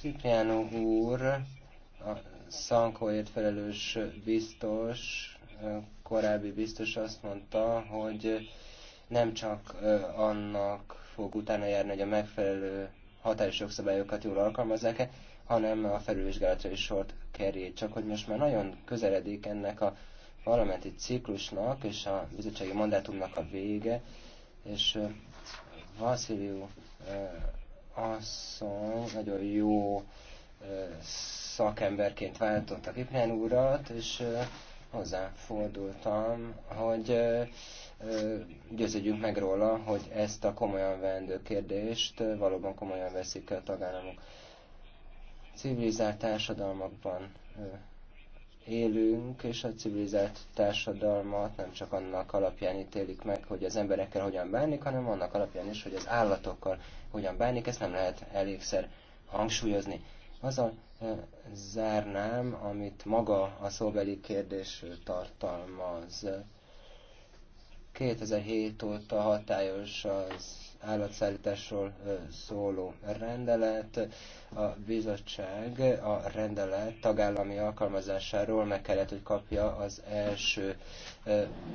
Cipriano úr, a szankóért felelős biztos, korábbi biztos azt mondta, hogy nem csak annak fog utána járni, hogy a megfelelő hatályos jogszabályokat jól alkalmazzák-e, hanem a felülvizsgálatra is sort kerül. Csak hogy most már nagyon közeledik ennek a parlamenti ciklusnak és a bizottsági mandátumnak a vége, és Vasiliu asszony nagyon jó szakemberként váltotta Kipren úrat, és hozzáfordultam, hogy győződjünk meg róla, hogy ezt a komolyan vendő kérdést valóban komolyan veszik a tagállamok. Civilizált társadalmakban élünk, és a civilizált társadalmat nem csak annak alapján ítélik meg, hogy az emberekkel hogyan bánik, hanem annak alapján is, hogy az állatokkal hogyan bánik, ezt nem lehet elégszer hangsúlyozni. Azzal zárnám, amit maga a szóbeli kérdés tartalmaz. 2007 óta hatályos az állatszállításról szóló rendelet. A bizottság a rendelet tagállami alkalmazásáról meg kellett, hogy kapja az első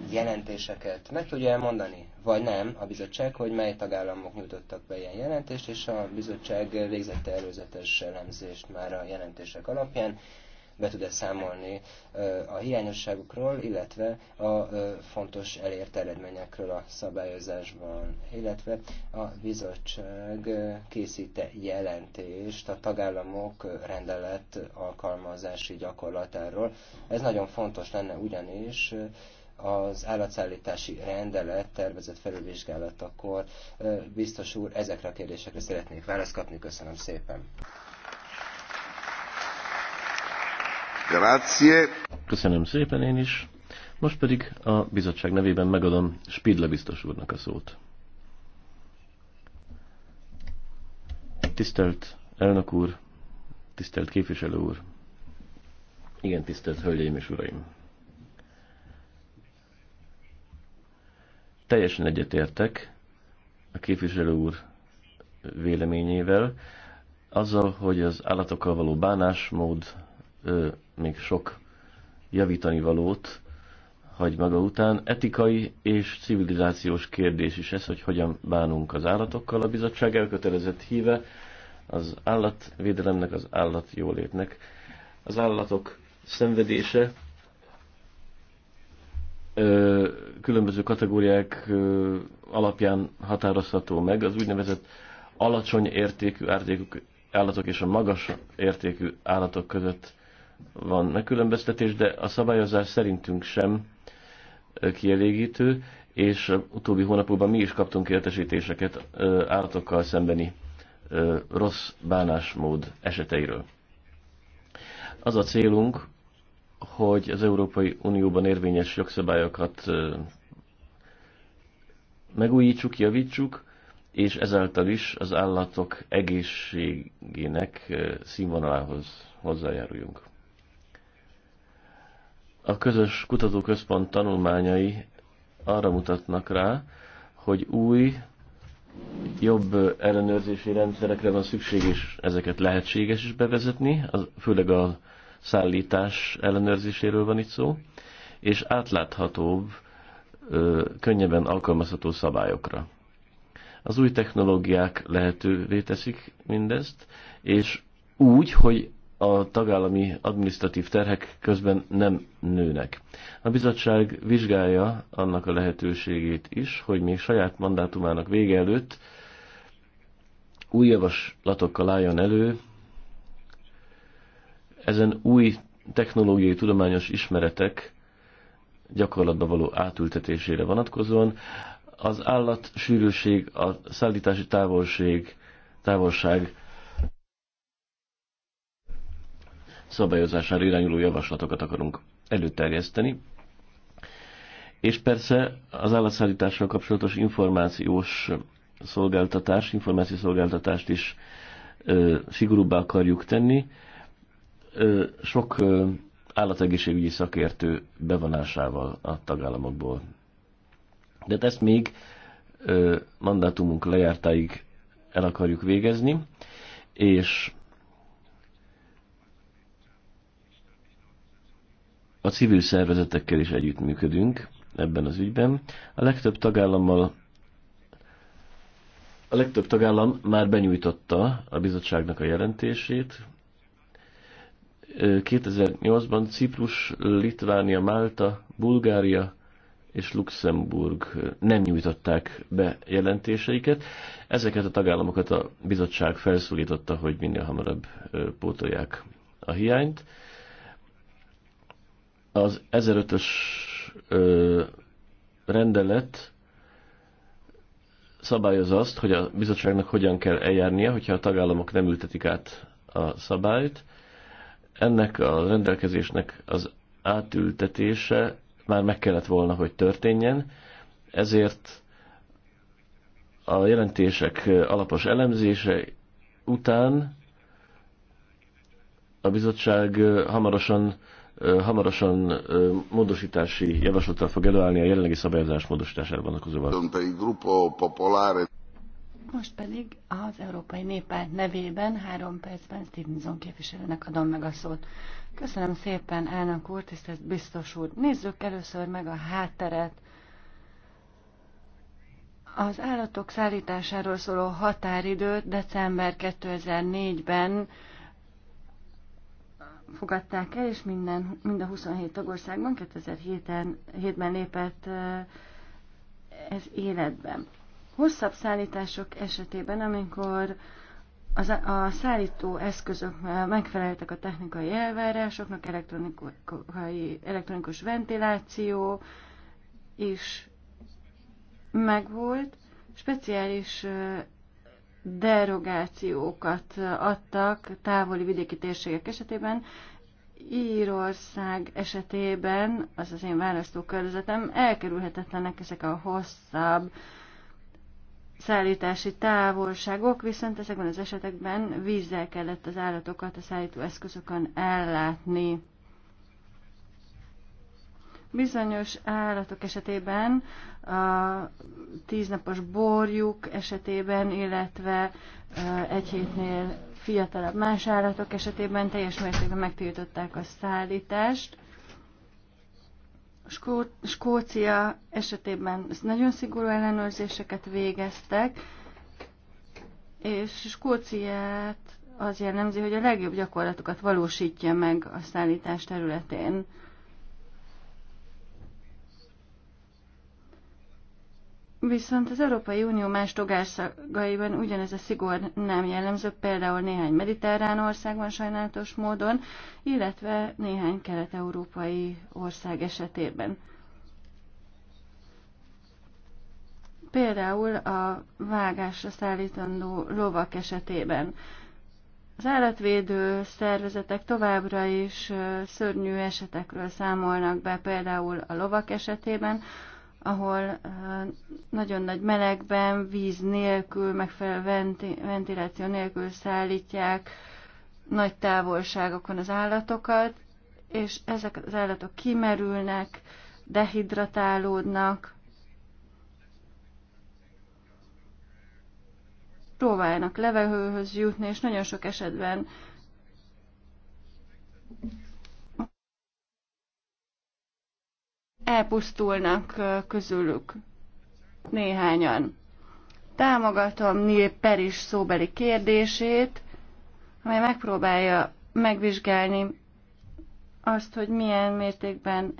jelentéseket. Meg tudja elmondani, vagy nem a bizottság, hogy mely tagállamok nyújtottak be ilyen jelentést, és a bizottság végzette előzetes elemzést már a jelentések alapján be tud-e számolni a hiányosságokról, illetve a fontos elért eredményekről a szabályozásban, illetve a bizottság készíte jelentést a tagállamok rendelet alkalmazási gyakorlatáról. Ez nagyon fontos lenne ugyanis, az állatszállítási rendelet tervezett felülvizsgálatakor. Biztos úr, ezekre a kérdésekre szeretnék választ kapni. Köszönöm szépen. Grazie. Köszönöm szépen én is. Most pedig a bizottság nevében megadom Spidle biztos úrnak a szót. Tisztelt elnök úr, tisztelt képviselő úr, igen, tisztelt hölgyeim és uraim. Teljesen egyetértek a képviselő úr véleményével, azzal, hogy az állatokkal való bánásmód ö, még sok javítani valót hagy maga után. Etikai és civilizációs kérdés is ez, hogy hogyan bánunk az állatokkal. A bizottság elkötelezett híve az állatvédelemnek, az állat jólétnek. Az állatok szenvedése ö, különböző kategóriák ö, alapján határozható meg. Az úgynevezett alacsony értékű állatok és a magas értékű állatok között van megkülönböztetés, de a szabályozás szerintünk sem kielégítő, és utóbbi hónapokban mi is kaptunk értesítéseket állatokkal szembeni rossz bánásmód eseteiről. Az a célunk, hogy az Európai Unióban érvényes jogszabályokat megújítsuk, javítsuk, és ezáltal is az állatok egészségének színvonalához hozzájáruljunk. A közös kutatóközpont tanulmányai arra mutatnak rá, hogy új, jobb ellenőrzési rendszerekre van szükség, és ezeket lehetséges is bevezetni, az, főleg a szállítás ellenőrzéséről van itt szó, és átláthatóbb, könnyebben alkalmazható szabályokra. Az új technológiák lehetővé teszik mindezt, és úgy, hogy a tagállami administratív terhek közben nem nőnek. A bizottság vizsgálja annak a lehetőségét is, hogy még saját mandátumának vége előtt új javaslatokkal álljon elő, ezen új technológiai tudományos ismeretek gyakorlatba való átültetésére vonatkozóan. Az állat sűrűség, a szállítási távolség, távolság szabályozására irányuló javaslatokat akarunk előterjeszteni. És persze az állatszállítással kapcsolatos információs szolgáltatás, szolgáltatást is ö, szigorúbbá akarjuk tenni. Ö, sok ö, állategészségügyi szakértő bevonásával a tagállamokból. De ezt még ö, mandátumunk lejártáig el akarjuk végezni, és a civil szervezetekkel is együttműködünk ebben az ügyben. A legtöbb tagállammal a legtöbb tagállam már benyújtotta a bizottságnak a jelentését. 2008-ban Ciprus, Litvánia, Málta, Bulgária és Luxemburg nem nyújtották be jelentéseiket. Ezeket a tagállamokat a bizottság felszólította, hogy minél hamarabb pótolják a hiányt. Az 1005-ös rendelet szabályoz azt, hogy a bizottságnak hogyan kell eljárnia, hogyha a tagállamok nem ültetik át a szabályt. Ennek a rendelkezésnek az átültetése már meg kellett volna, hogy történjen, ezért a jelentések alapos elemzése után a bizottság hamarosan hamarosan módosítási javaslattal fog előállni a jelenlegi szabályozás módosítására vonatkozóval. Most pedig az Európai Néppárt nevében három percben Stevenson képviselőnek adom meg a szót. Köszönöm szépen, elnök úr, tisztelt biztos úr. Nézzük először meg a hátteret. Az állatok szállításáról szóló határidőt december 2004-ben fogadták el, és minden, mind a 27 tagországban 2007-ben lépett ez életben. Hosszabb szállítások esetében, amikor az, a szállító eszközök megfeleltek a technikai elvárásoknak, elektronikus ventiláció is megvolt, speciális derogációkat adtak távoli vidéki térségek esetében. Írország esetében, az az én választókörzetem, elkerülhetetlenek ezek a hosszabb szállítási távolságok, viszont ezekben az esetekben vízzel kellett az állatokat a szállítóeszközökön ellátni. Bizonyos állatok esetében, a tíznapos borjuk esetében, illetve egy hétnél fiatalabb más állatok esetében teljes mértékben megtiltották a szállítást. Skó- Skócia esetében nagyon szigorú ellenőrzéseket végeztek, és Skóciát az jellemzi, hogy a legjobb gyakorlatokat valósítja meg a szállítás területén. Viszont az Európai Unió más togásszagaiban ugyanez a szigor nem jellemző, például néhány mediterrán országban sajnálatos módon, illetve néhány kelet-európai ország esetében. Például a vágásra szállítandó lovak esetében. Az állatvédő szervezetek továbbra is szörnyű esetekről számolnak be, például a lovak esetében, ahol eh, nagyon nagy melegben, víz nélkül, megfelelő ventiláció nélkül szállítják nagy távolságokon az állatokat, és ezek az állatok kimerülnek, dehidratálódnak, próbálnak levegőhöz jutni, és nagyon sok esetben elpusztulnak közülük néhányan. Támogatom Neil Peris szóbeli kérdését, amely megpróbálja megvizsgálni azt, hogy milyen mértékben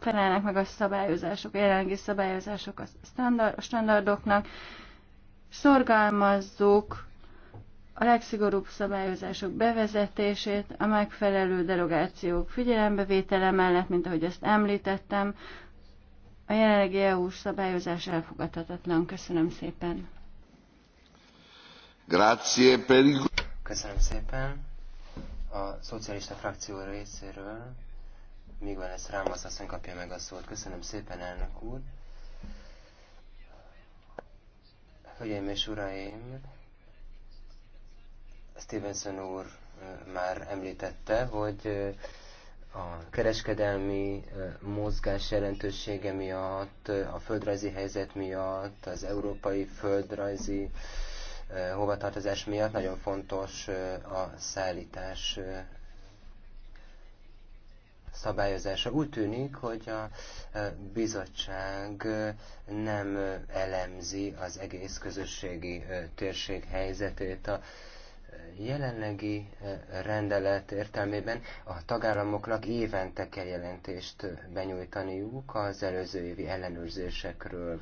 felelnek meg a szabályozások, a jelenlegi szabályozások a, standard, a standardoknak. Szorgalmazzuk a legszigorúbb szabályozások bevezetését, a megfelelő derogációk figyelembevétele mellett, mint ahogy ezt említettem, a jelenlegi EU-s szabályozás elfogadhatatlan. Köszönöm szépen. Grazie per Köszönöm szépen. A szocialista frakció részéről míg van ezt rám, azt kapja meg a szót. Köszönöm szépen, elnök úr. Hölgyeim és uraim, Stevenson úr már említette, hogy a kereskedelmi mozgás jelentősége miatt, a földrajzi helyzet miatt, az európai földrajzi hovatartozás miatt nagyon fontos a szállítás szabályozása. Úgy tűnik, hogy a bizottság nem elemzi az egész közösségi térség helyzetét. A jelenlegi eh, rendelet értelmében a tagállamoknak évente kell jelentést eh, benyújtaniuk az előző évi ellenőrzésekről.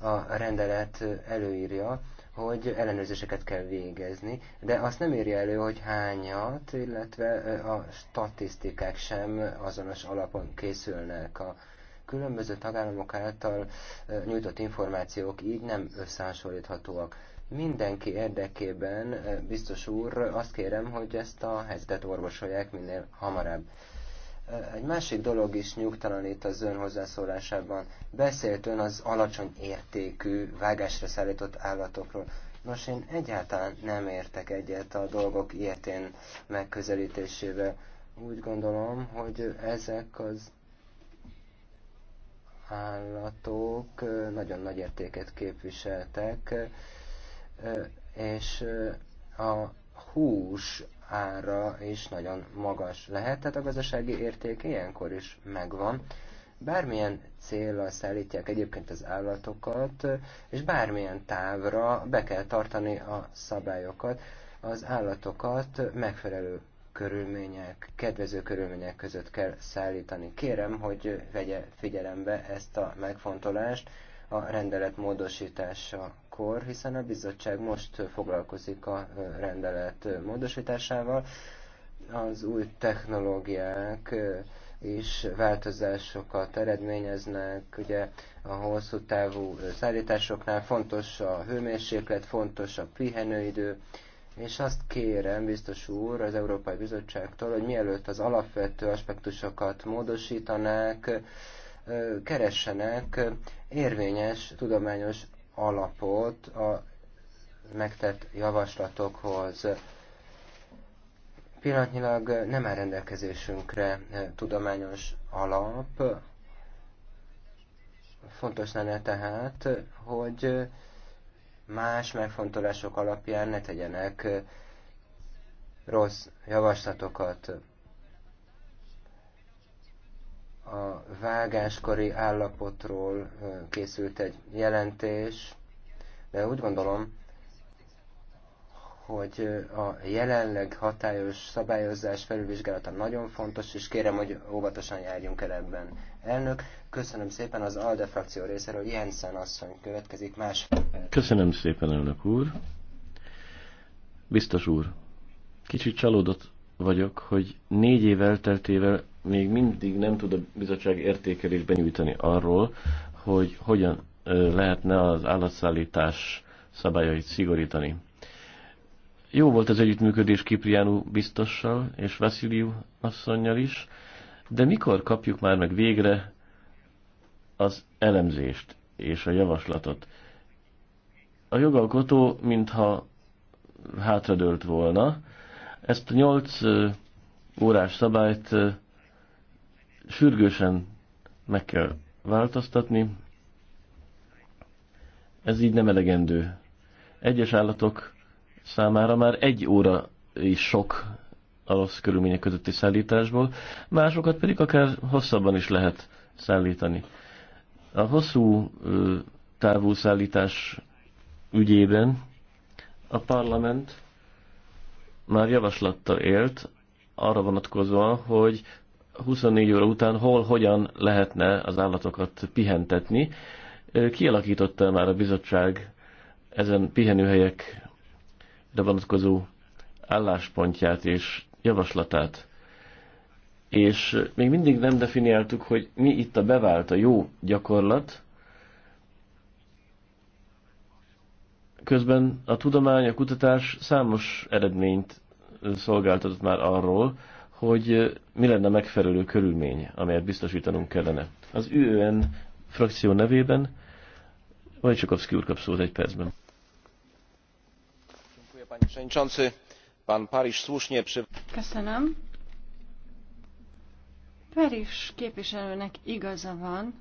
A rendelet eh, előírja, hogy ellenőrzéseket kell végezni, de azt nem írja elő, hogy hányat, illetve a statisztikák sem azonos alapon készülnek a különböző tagállamok által nyújtott információk így nem összehasonlíthatóak Mindenki érdekében, eh, biztos úr, azt kérem, hogy ezt a helyzetet orvosolják minél hamarabb. Eh, egy másik dolog is nyugtalanít az ön hozzászólásában. Beszélt ön az alacsony értékű, vágásra szállított állatokról. Nos, én egyáltalán nem értek egyet a dolgok ilyetén megközelítésével. Úgy gondolom, hogy ezek az állatok eh, nagyon nagy értéket képviseltek, és a hús ára is nagyon magas lehet, tehát a gazdasági érték ilyenkor is megvan. Bármilyen célra szállítják egyébként az állatokat, és bármilyen távra be kell tartani a szabályokat, az állatokat megfelelő körülmények, kedvező körülmények között kell szállítani. Kérem, hogy vegye figyelembe ezt a megfontolást a rendelet módosítása akkor, hiszen a bizottság most foglalkozik a rendelet módosításával, az új technológiák és változásokat eredményeznek. Ugye a hosszú távú szállításoknál fontos a hőmérséklet, fontos a pihenőidő, és azt kérem, biztos úr, az Európai Bizottságtól, hogy mielőtt az alapvető aspektusokat módosítanák, keressenek érvényes tudományos alapot a megtett javaslatokhoz. Pillanatnyilag nem áll rendelkezésünkre eh, tudományos alap. Fontos lenne tehát, hogy más megfontolások alapján ne tegyenek eh, rossz javaslatokat a vágáskori állapotról készült egy jelentés, de úgy gondolom, hogy a jelenleg hatályos szabályozás felülvizsgálata nagyon fontos, és kérem, hogy óvatosan járjunk el ebben. Elnök, köszönöm szépen az ALDE frakció részéről, Jensen asszony következik más. Köszönöm szépen, elnök úr. Biztos úr, kicsit csalódott vagyok, hogy négy év elteltével még mindig nem tud a bizottság értékelés benyújtani arról, hogy hogyan lehetne az állatszállítás szabályait szigorítani. Jó volt az együttműködés Kipriánú biztossal és Vasziliu asszonynal is, de mikor kapjuk már meg végre az elemzést és a javaslatot? A jogalkotó, mintha hátradőlt volna, ezt a nyolc órás szabályt sürgősen meg kell változtatni. Ez így nem elegendő. Egyes állatok számára már egy óra is sok a rossz körülmények közötti szállításból, másokat pedig akár hosszabban is lehet szállítani. A hosszú távú szállítás ügyében a parlament már javaslattal élt arra vonatkozóan, hogy 24 óra után hol, hogyan lehetne az állatokat pihentetni. Kialakította már a bizottság ezen pihenőhelyek vonatkozó álláspontját és javaslatát. És még mindig nem definiáltuk, hogy mi itt a bevált, a jó gyakorlat. Közben a tudomány, a kutatás számos eredményt szolgáltatott már arról, hogy mi lenne megfelelő körülmény, amelyet biztosítanunk kellene. Az ÜN frakció nevében vagy csak úr kap szót egy percben. Köszönöm. Paris képviselőnek igaza van,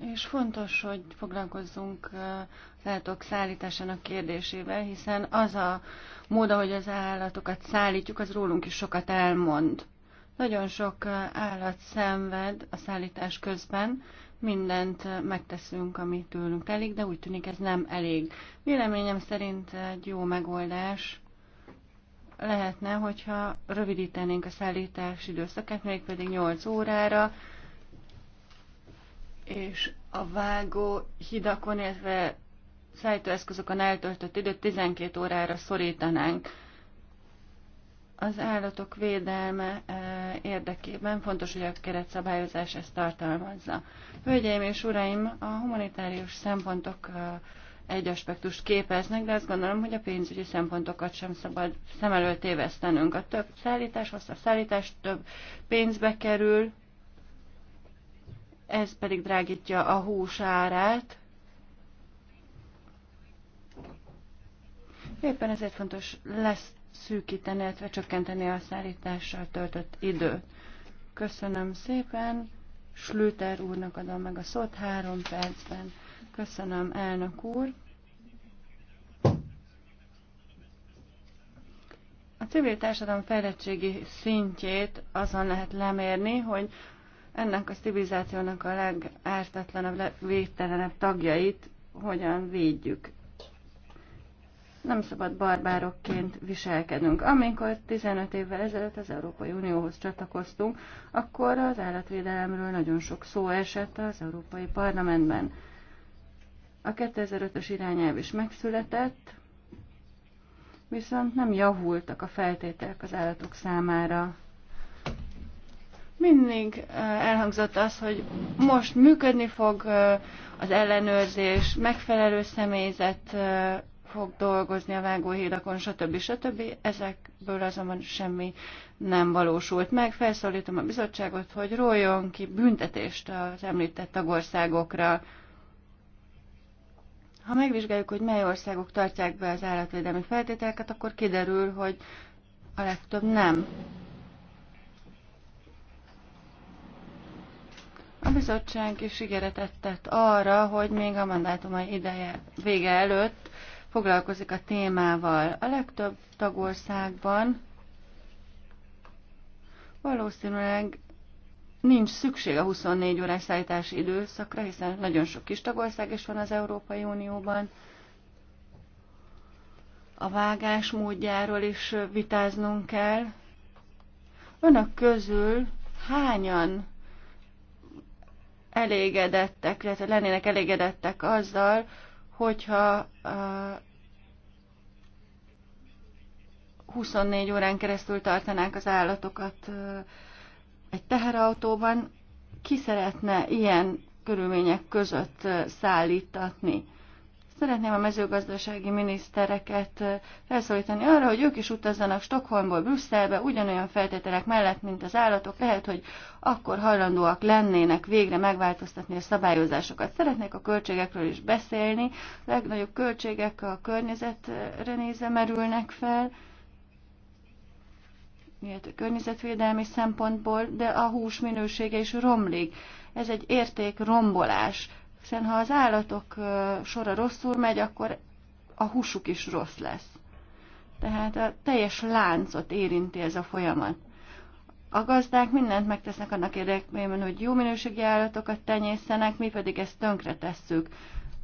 És fontos, hogy foglalkozzunk az állatok szállításának kérdésével, hiszen az a mód, ahogy az állatokat szállítjuk, az rólunk is sokat elmond. Nagyon sok állat szenved a szállítás közben, mindent megteszünk, ami tőlünk telik, de úgy tűnik ez nem elég. Véleményem szerint egy jó megoldás lehetne, hogyha rövidítenénk a szállítás időszakát, mégpedig 8 órára, és a vágó hidakon, illetve szállítóeszközökön eltöltött időt 12 órára szorítanánk. Az állatok védelme e, érdekében fontos, hogy a keretszabályozás ezt tartalmazza. Hölgyeim és uraim, a humanitárius szempontok e, egy aspektust képeznek, de azt gondolom, hogy a pénzügyi szempontokat sem szabad szem előtt évesztenünk. A több szállítás, hosszabb szállítás több pénzbe kerül, ez pedig drágítja a hús árát. Éppen ezért fontos lesz szűkíteni, illetve csökkenteni a szállítással töltött időt. Köszönöm szépen. Slüter úrnak adom meg a szót három percben. Köszönöm, elnök úr. A civil társadalom fejlettségi szintjét azon lehet lemérni, hogy ennek a civilizációnak a legártatlanabb, végtelenebb tagjait hogyan védjük. Nem szabad barbárokként viselkedünk. Amikor 15 évvel ezelőtt az Európai Unióhoz csatlakoztunk, akkor az állatvédelemről nagyon sok szó esett az Európai Parlamentben. A 2005-ös irányelv is megszületett, viszont nem javultak a feltételek az állatok számára. Mindig elhangzott az, hogy most működni fog az ellenőrzés, megfelelő személyzet fog dolgozni a vágóhídakon, stb. stb. Ezekből azonban semmi nem valósult meg. Felszólítom a bizottságot, hogy róljon ki büntetést az említett tagországokra. Ha megvizsgáljuk, hogy mely országok tartják be az állatvédelmi feltételeket, akkor kiderül, hogy a legtöbb nem. A bizottság is ígéretet tett arra, hogy még a mandátumai ideje vége előtt foglalkozik a témával. A legtöbb tagországban valószínűleg nincs szükség a 24 órás szállítási időszakra, hiszen nagyon sok kis tagország is van az Európai Unióban. A vágás módjáról is vitáznunk kell. Önök közül hányan elégedettek, illetve lennének elégedettek azzal, hogyha 24 uh, órán keresztül tartanák az állatokat uh, egy teherautóban, ki szeretne ilyen körülmények között uh, szállítatni? Szeretném a mezőgazdasági minisztereket eh, felszólítani arra, hogy ők is utazzanak Stockholmból Brüsszelbe ugyanolyan feltételek mellett, mint az állatok. Lehet, hogy akkor hajlandóak lennének végre megváltoztatni a szabályozásokat. Szeretnék a költségekről is beszélni. A legnagyobb költségek a környezetre nézve merülnek fel illetve környezetvédelmi szempontból, de a hús minősége is romlik. Ez egy érték rombolás hiszen ha az állatok sora rosszul megy, akkor a húsuk is rossz lesz. Tehát a teljes láncot érinti ez a folyamat. A gazdák mindent megtesznek annak érdekében, hogy jó minőségi állatokat tenyészenek, mi pedig ezt tönkre tesszük.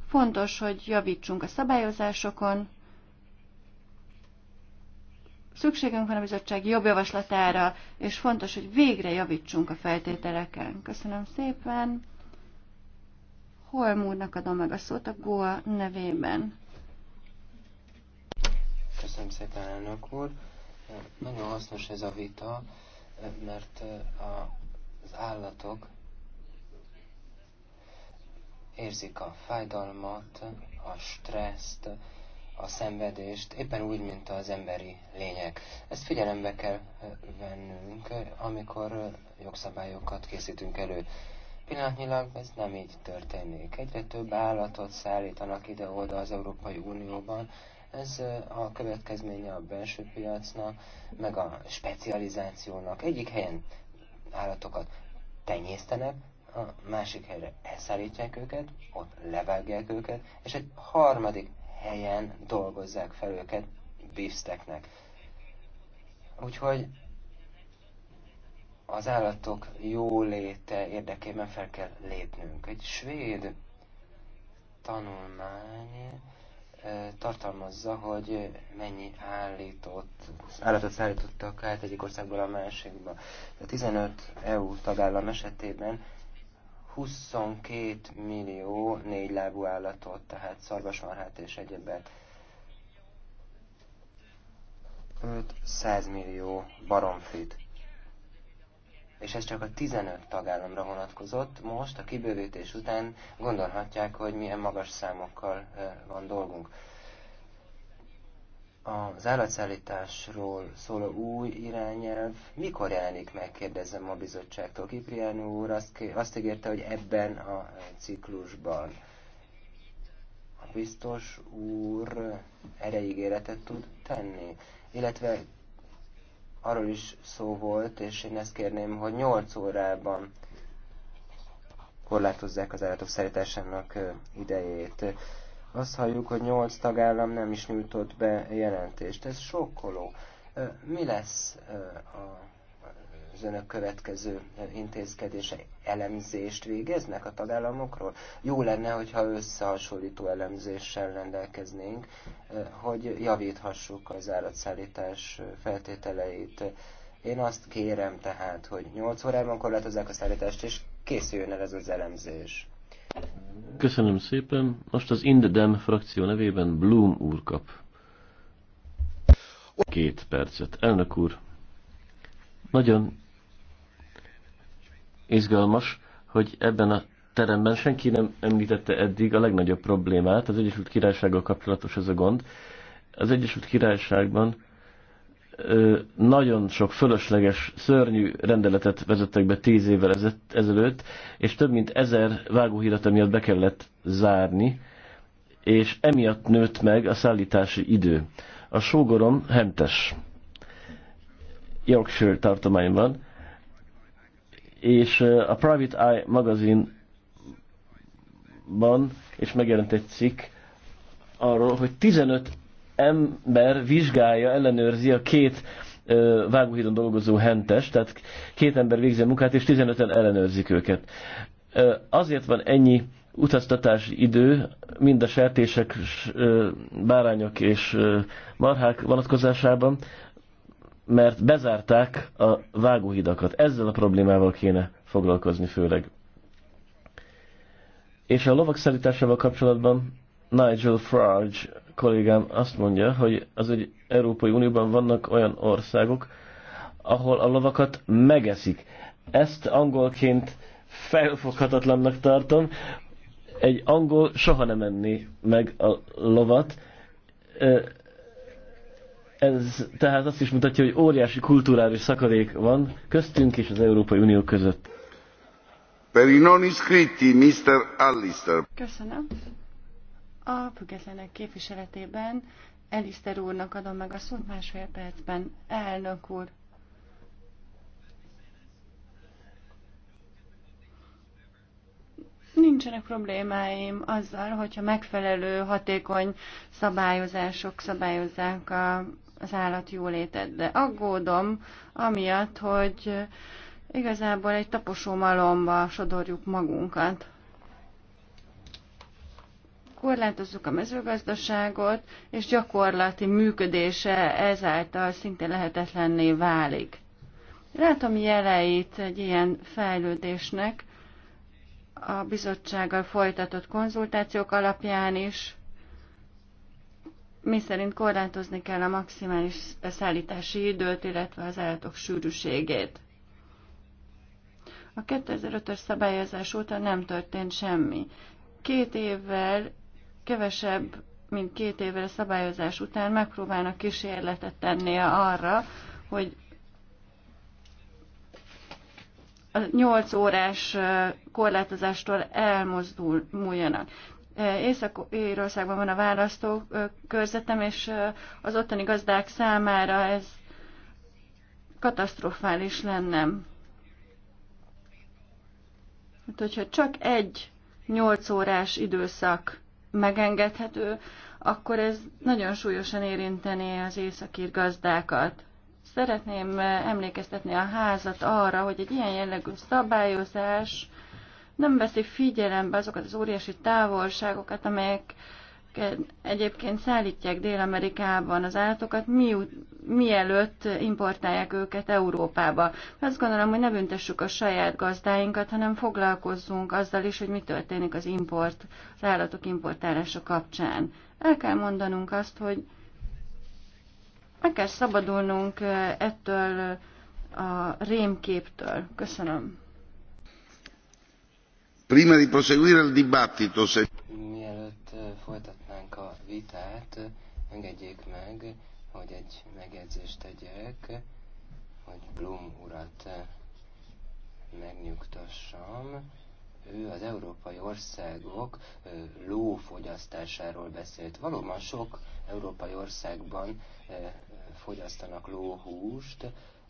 Fontos, hogy javítsunk a szabályozásokon. Szükségünk van a bizottság jobb javaslatára, és fontos, hogy végre javítsunk a feltételeken. Köszönöm szépen! Holmúrnak adom meg a szót a GOA nevében. Köszönöm szépen, elnök úr. Nagyon hasznos ez a vita, mert az állatok érzik a fájdalmat, a stresszt, a szenvedést, éppen úgy, mint az emberi lények. Ezt figyelembe kell vennünk, amikor jogszabályokat készítünk elő. Pillanatnyilag ez nem így történik. Egyre több állatot szállítanak ide-oda az Európai Unióban. Ez a következménye a belső piacnak, meg a specializációnak. Egyik helyen állatokat tenyésztenek, a másik helyre elszállítják őket, ott levágják őket, és egy harmadik helyen dolgozzák fel őket bifsteknek. Úgyhogy az állatok jóléte érdekében fel kell lépnünk. Egy svéd tanulmány tartalmazza, hogy mennyi állított, állatot szállítottak át egyik országból a másikba. A 15 EU tagállam esetében 22 millió lábú állatot, tehát szarvasmarhát és egyebet 500 millió baromfit és ez csak a 15 tagállamra vonatkozott. Most a kibővítés után gondolhatják, hogy milyen magas számokkal van dolgunk. Az állatszállításról szóló új irányelv mikor jelenik meg, kérdezem a bizottságtól. Kipriánó úr azt, azt ígérte, hogy ebben a ciklusban. A biztos úr erre ígéretet tud tenni, illetve arról is szó volt, és én ezt kérném, hogy 8 órában korlátozzák az állatok szállításának idejét. Azt halljuk, hogy 8 tagállam nem is nyújtott be jelentést. Ez sokkoló. Mi lesz a az önök következő intézkedése elemzést végeznek a tagállamokról? Jó lenne, hogyha összehasonlító elemzéssel rendelkeznénk, eh, hogy javíthassuk az állatszállítás feltételeit. Én azt kérem tehát, hogy 8 órában korlátozzák a szállítást, és készüljön el ez az elemzés. Köszönöm szépen. Most az Indedem frakció nevében Bloom úr kap két percet. Elnök úr, nagyon izgalmas, hogy ebben a teremben senki nem említette eddig a legnagyobb problémát, az Egyesült Királysággal kapcsolatos ez a gond. Az Egyesült Királyságban ö, nagyon sok fölösleges, szörnyű rendeletet vezettek be tíz évvel ezelőtt, és több mint ezer vágóhírat miatt be kellett zárni, és emiatt nőtt meg a szállítási idő. A sógorom hentes Yorkshire tartományban és a Private Eye magazinban és megjelent egy cikk arról, hogy 15 ember vizsgálja, ellenőrzi a két vágóhídon dolgozó hentes, tehát két ember végzi a munkát, és 15-en ellenőrzik őket. Azért van ennyi utaztatás idő, mind a sertések, bárányok és marhák vonatkozásában, mert bezárták a vágóhidakat. Ezzel a problémával kéne foglalkozni főleg. És a lovak szállításával kapcsolatban Nigel Farage kollégám azt mondja, hogy az egy Európai Unióban vannak olyan országok, ahol a lovakat megeszik. Ezt angolként felfoghatatlannak tartom. Egy angol soha nem enni meg a lovat. Ez tehát azt is mutatja, hogy óriási kulturális szakadék van köztünk és az Európai Unió között. Per i non iscritti, Mr. Allister. Köszönöm. A függetlenek képviseletében Allister úrnak adom meg a szót másfél percben. Elnök úr. Nincsenek problémáim azzal, hogyha megfelelő, hatékony szabályozások szabályozzák a az állat jólétet, de aggódom amiatt, hogy igazából egy taposó malomba sodorjuk magunkat. Korlátozzuk a mezőgazdaságot, és gyakorlati működése ezáltal szinte lehetetlenné válik. Látom jeleit egy ilyen fejlődésnek a bizottsággal folytatott konzultációk alapján is, mi szerint korlátozni kell a maximális szállítási időt, illetve az állatok sűrűségét. A 2005-ös szabályozás óta nem történt semmi. Két évvel kevesebb, mint két évvel a szabályozás után megpróbálnak kísérletet tenni arra, hogy a 8 órás korlátozástól elmozduljanak. Észak-Írországban van a választókörzetem, és az ottani gazdák számára ez katasztrofális lenne. Hát, hogyha csak egy 8 órás időszak megengedhető, akkor ez nagyon súlyosan érintené az északír gazdákat. Szeretném emlékeztetni a házat arra, hogy egy ilyen jellegű szabályozás nem veszi figyelembe azokat az óriási távolságokat, amelyek egyébként szállítják Dél-Amerikában az állatokat, mi, mielőtt importálják őket Európába. Azt gondolom, hogy ne büntessük a saját gazdáinkat, hanem foglalkozzunk azzal is, hogy mi történik az import, az állatok importálása kapcsán. El kell mondanunk azt, hogy meg kell szabadulnunk eh, ettől eh, a rémképtől. Köszönöm. Mielőtt eh, folytatnánk a vitát, eh, engedjék meg, hogy egy megjegyzést tegyek, hogy Blum urat eh, megnyugtassam. Ő az európai országok lófogyasztásáról beszélt. Valóban sok európai országban fogyasztanak lóhúst,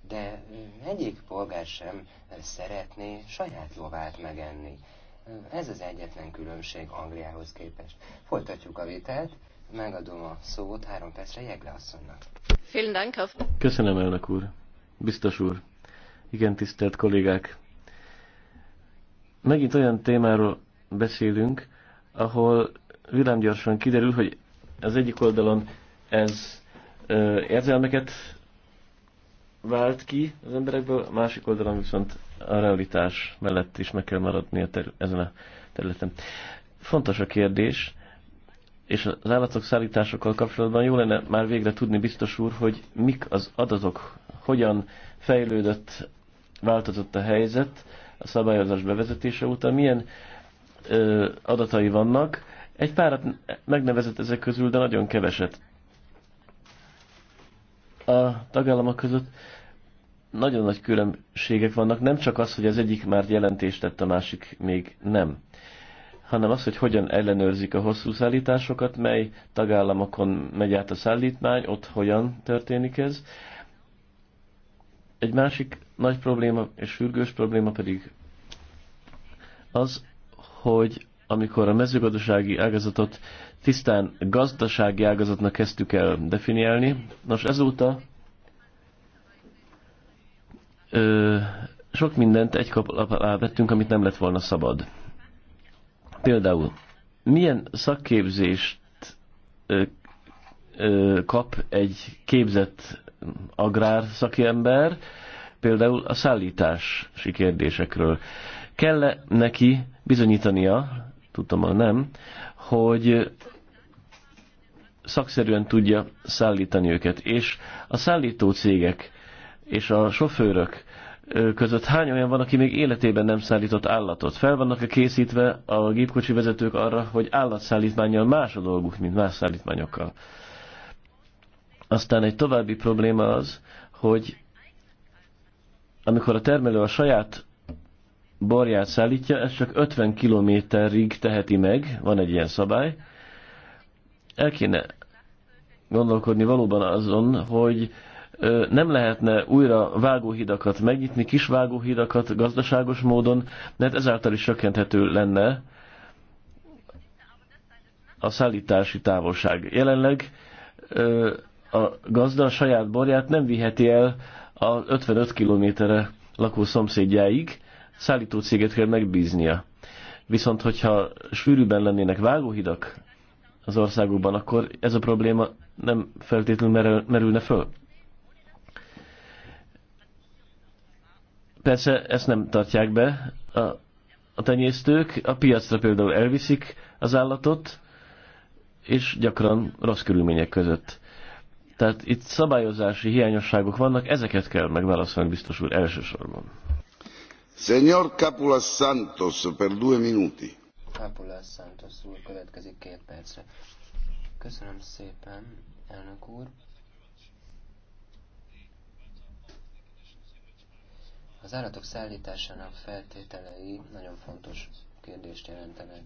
de egyik polgár sem szeretné saját lovát megenni. Ez az egyetlen különbség Angliához képest. Folytatjuk a vitát, megadom a szót három percre Jegle asszonynak. Köszönöm, elnök úr. Biztos úr. Igen, tisztelt kollégák. Megint olyan témáról beszélünk, ahol villámgyorsan kiderül, hogy az egyik oldalon ez ö, érzelmeket vált ki az emberekből, a másik oldalon viszont a realitás mellett is meg kell maradni a ter- ezen a területen. Fontos a kérdés, és az állatok szállításokkal kapcsolatban jó lenne már végre tudni biztos úr, hogy mik az adatok, hogyan fejlődött, változott a helyzet a szabályozás bevezetése után, milyen ö, adatai vannak. Egy párat megnevezett ezek közül, de nagyon keveset. A tagállamok között nagyon nagy különbségek vannak, nem csak az, hogy az egyik már jelentést tett, a másik még nem, hanem az, hogy hogyan ellenőrzik a hosszú szállításokat, mely tagállamokon megy át a szállítmány, ott hogyan történik ez. Egy másik nagy probléma és sürgős probléma pedig az, hogy amikor a mezőgazdasági ágazatot tisztán gazdasági ágazatnak kezdtük el definiálni, nos ezóta ö, sok mindent egy kap alá vettünk, amit nem lett volna szabad. Például, milyen szakképzést ö, ö, kap egy képzett agrár szakember, például a szállítási kérdésekről. Kell-e neki bizonyítania, tudom, hogy nem, hogy szakszerűen tudja szállítani őket. És a szállító cégek és a sofőrök között hány olyan van, aki még életében nem szállított állatot? Fel vannak-e készítve a gépkocsi vezetők arra, hogy állatszállítmányjal más a dolguk, mint más szállítmányokkal? Aztán egy további probléma az, hogy amikor a termelő a saját borját szállítja, ez csak 50 kilométerig teheti meg, van egy ilyen szabály. El kéne gondolkodni valóban azon, hogy nem lehetne újra vágóhidakat megnyitni, kis vágóhidakat gazdaságos módon, mert hát ezáltal is csökkenthető lenne a szállítási távolság. Jelenleg a gazda a saját borját nem viheti el a 55 kilométerre lakó szomszédjáig, szállítócéget kell megbíznia. Viszont, hogyha sűrűben lennének vágóhidak az országokban, akkor ez a probléma nem feltétlenül merülne föl. Persze ezt nem tartják be a, a tenyésztők, a piacra például elviszik az állatot, és gyakran rossz körülmények között. Tehát itt szabályozási hiányosságok vannak, ezeket kell megválaszolni biztos úr elsősorban. Señor Capulas Santos, per due minuti. Capulas Santos úr, következik két percre. Köszönöm szépen, elnök úr. Az állatok szállításának feltételei nagyon fontos kérdést jelentenek.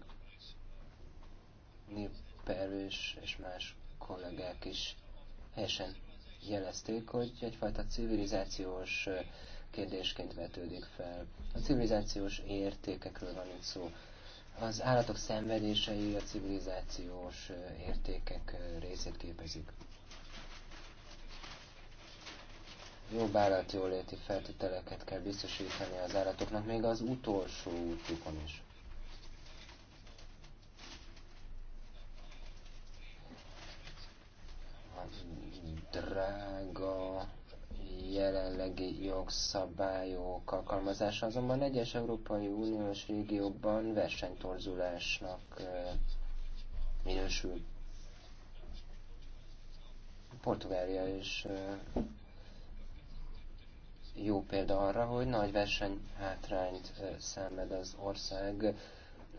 Népervős és más kollégák is helyesen jelezték, hogy egyfajta civilizációs kérdésként vetődik fel. A civilizációs értékekről van itt szó. Az állatok szenvedései a civilizációs értékek részét képezik jobb állatjóléti feltételeket kell biztosítani az állatoknak, még az utolsó útjukon is. A drága jelenlegi jogszabályok alkalmazása azonban egyes Európai Uniós régióban versenytorzulásnak minősül. Portugália és jó példa arra, hogy nagy versenyhátrányt szenved az ország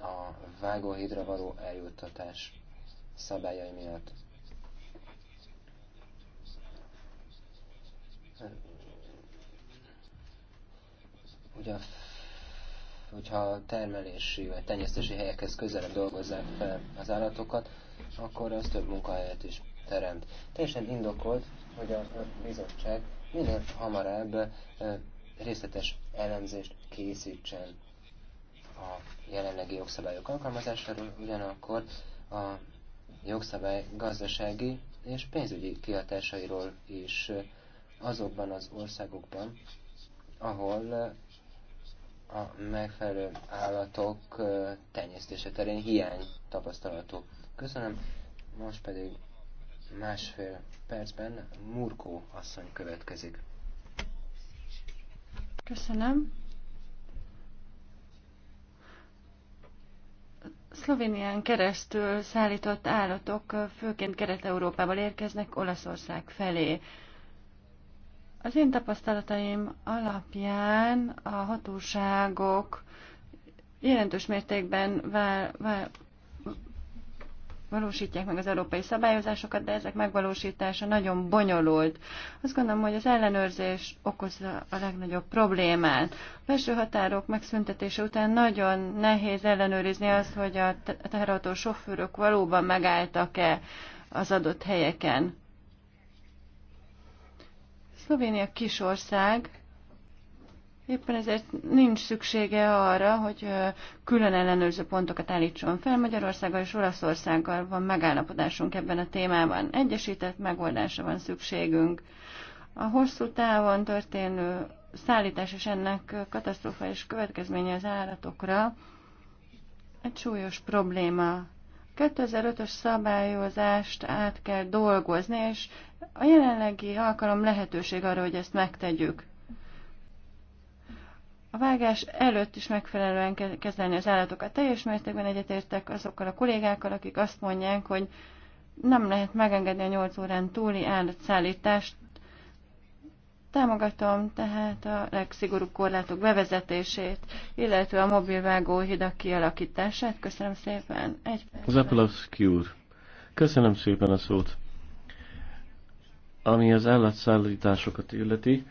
a vágóhídra való eljuttatás szabályai miatt. Ugye hogyha termelési vagy tenyésztési helyekhez közelebb dolgozzák fel az állatokat, akkor az több munkahelyet is teremt. Teljesen indokolt, hogy a bizottság minél hamarabb részletes elemzést készítsen a jelenlegi jogszabályok alkalmazásáról, ugyanakkor a jogszabály gazdasági és pénzügyi kihatásairól is azokban az országokban, ahol a megfelelő állatok tenyésztése terén hiány tapasztalható. Köszönöm, most pedig másfél percben Murkó asszony következik. Köszönöm. Szlovénián keresztül szállított állatok főként Kelet-Európából érkeznek Olaszország felé. Az én tapasztalataim alapján a hatóságok jelentős mértékben vál, vál, valósítják meg az európai szabályozásokat, de ezek megvalósítása nagyon bonyolult. Azt gondolom, hogy az ellenőrzés okozza a legnagyobb problémát. A belső határok megszüntetése után nagyon nehéz ellenőrizni azt, hogy a teherautó sofőrök valóban megálltak-e az adott helyeken. Szlovénia kis ország. Éppen ezért nincs szüksége arra, hogy külön ellenőrző pontokat állítson fel. Magyarországgal és Olaszországgal van megállapodásunk ebben a témában. Egyesített megoldásra van szükségünk. A hosszú távon történő szállítás és ennek és következménye az állatokra egy súlyos probléma. 2005-ös szabályozást át kell dolgozni, és a jelenlegi alkalom lehetőség arra, hogy ezt megtegyük a vágás előtt is megfelelően kezelni az állatokat. Teljes mértékben egyetértek azokkal a kollégákkal, akik azt mondják, hogy nem lehet megengedni a 8 órán túli állatszállítást. Támogatom tehát a legszigorúbb korlátok bevezetését, illetve a mobilvágó hidak kialakítását. Köszönöm szépen. Egy Zapolowski úr, köszönöm szépen a szót. Ami az állatszállításokat illeti,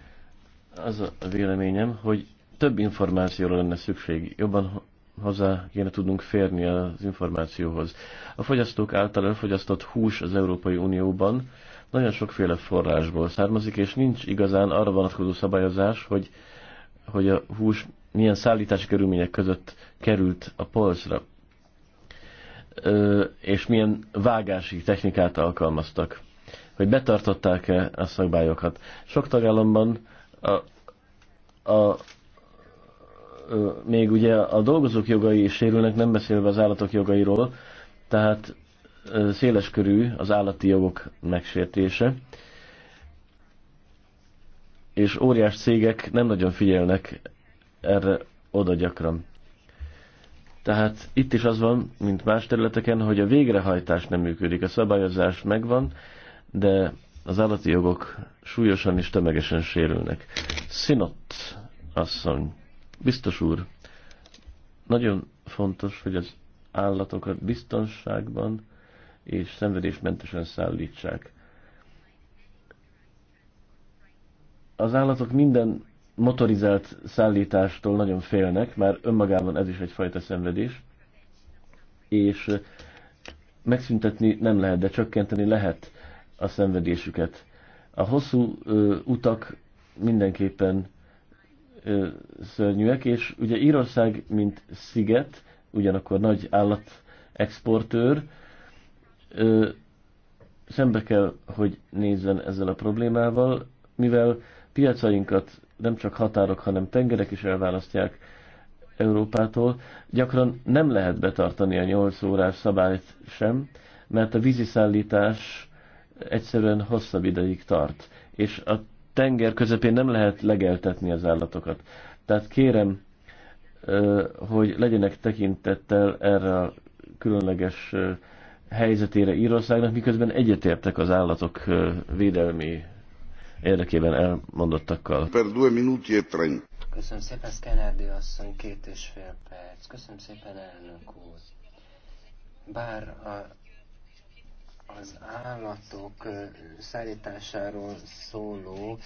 az a véleményem, hogy több információra lenne szükség, jobban hozzá kéne tudnunk férni az információhoz. A fogyasztók által elfogyasztott hús az Európai Unióban nagyon sokféle forrásból származik, és nincs igazán arra vonatkozó szabályozás, hogy, hogy a hús milyen szállítási körülmények között került a polcra, és milyen vágási technikát alkalmaztak, hogy betartották-e a szabályokat. Sok tagállamban a, a még ugye a dolgozók jogai is sérülnek, nem beszélve az állatok jogairól, tehát széles körű az állati jogok megsértése, és óriás cégek nem nagyon figyelnek erre oda gyakran. Tehát itt is az van, mint más területeken, hogy a végrehajtás nem működik, a szabályozás megvan, de az állati jogok súlyosan és tömegesen sérülnek. Szinott asszony. Biztos úr, nagyon fontos, hogy az állatokat biztonságban és szenvedésmentesen szállítsák. Az állatok minden motorizált szállítástól nagyon félnek, már önmagában ez is egyfajta szenvedés, és megszüntetni nem lehet, de csökkenteni lehet a szenvedésüket. A hosszú ö, utak mindenképpen ö, szörnyűek, és ugye Írország, mint sziget, ugyanakkor nagy állatexportőr, ö, szembe kell, hogy nézzen ezzel a problémával, mivel piacainkat nem csak határok, hanem tengerek is elválasztják Európától, gyakran nem lehet betartani a 8 órás szabályt sem, mert a víziszállítás egyszerűen hosszabb ideig tart, és a tenger közepén nem lehet legeltetni az állatokat. Tehát kérem, hogy legyenek tekintettel erre a különleges helyzetére Írországnak, miközben egyetértek az állatok védelmi érdekében elmondottakkal. Per due minuti e trent. Köszönöm szépen, Szkenerdi asszony, két és fél perc. Köszönöm szépen, elnök úr. Bár a az állatok szállításáról szóló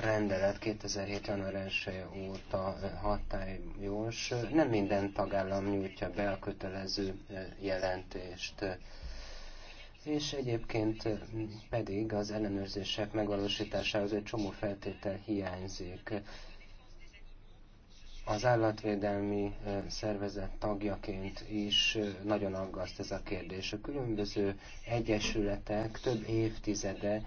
rendelet 2007. január 1 óta hatályos. Nem minden tagállam nyújtja be a kötelező jelentést. És egyébként pedig az ellenőrzések megvalósításához egy csomó feltétel hiányzik az állatvédelmi szervezet tagjaként is nagyon aggaszt ez a kérdés. A különböző egyesületek több évtizede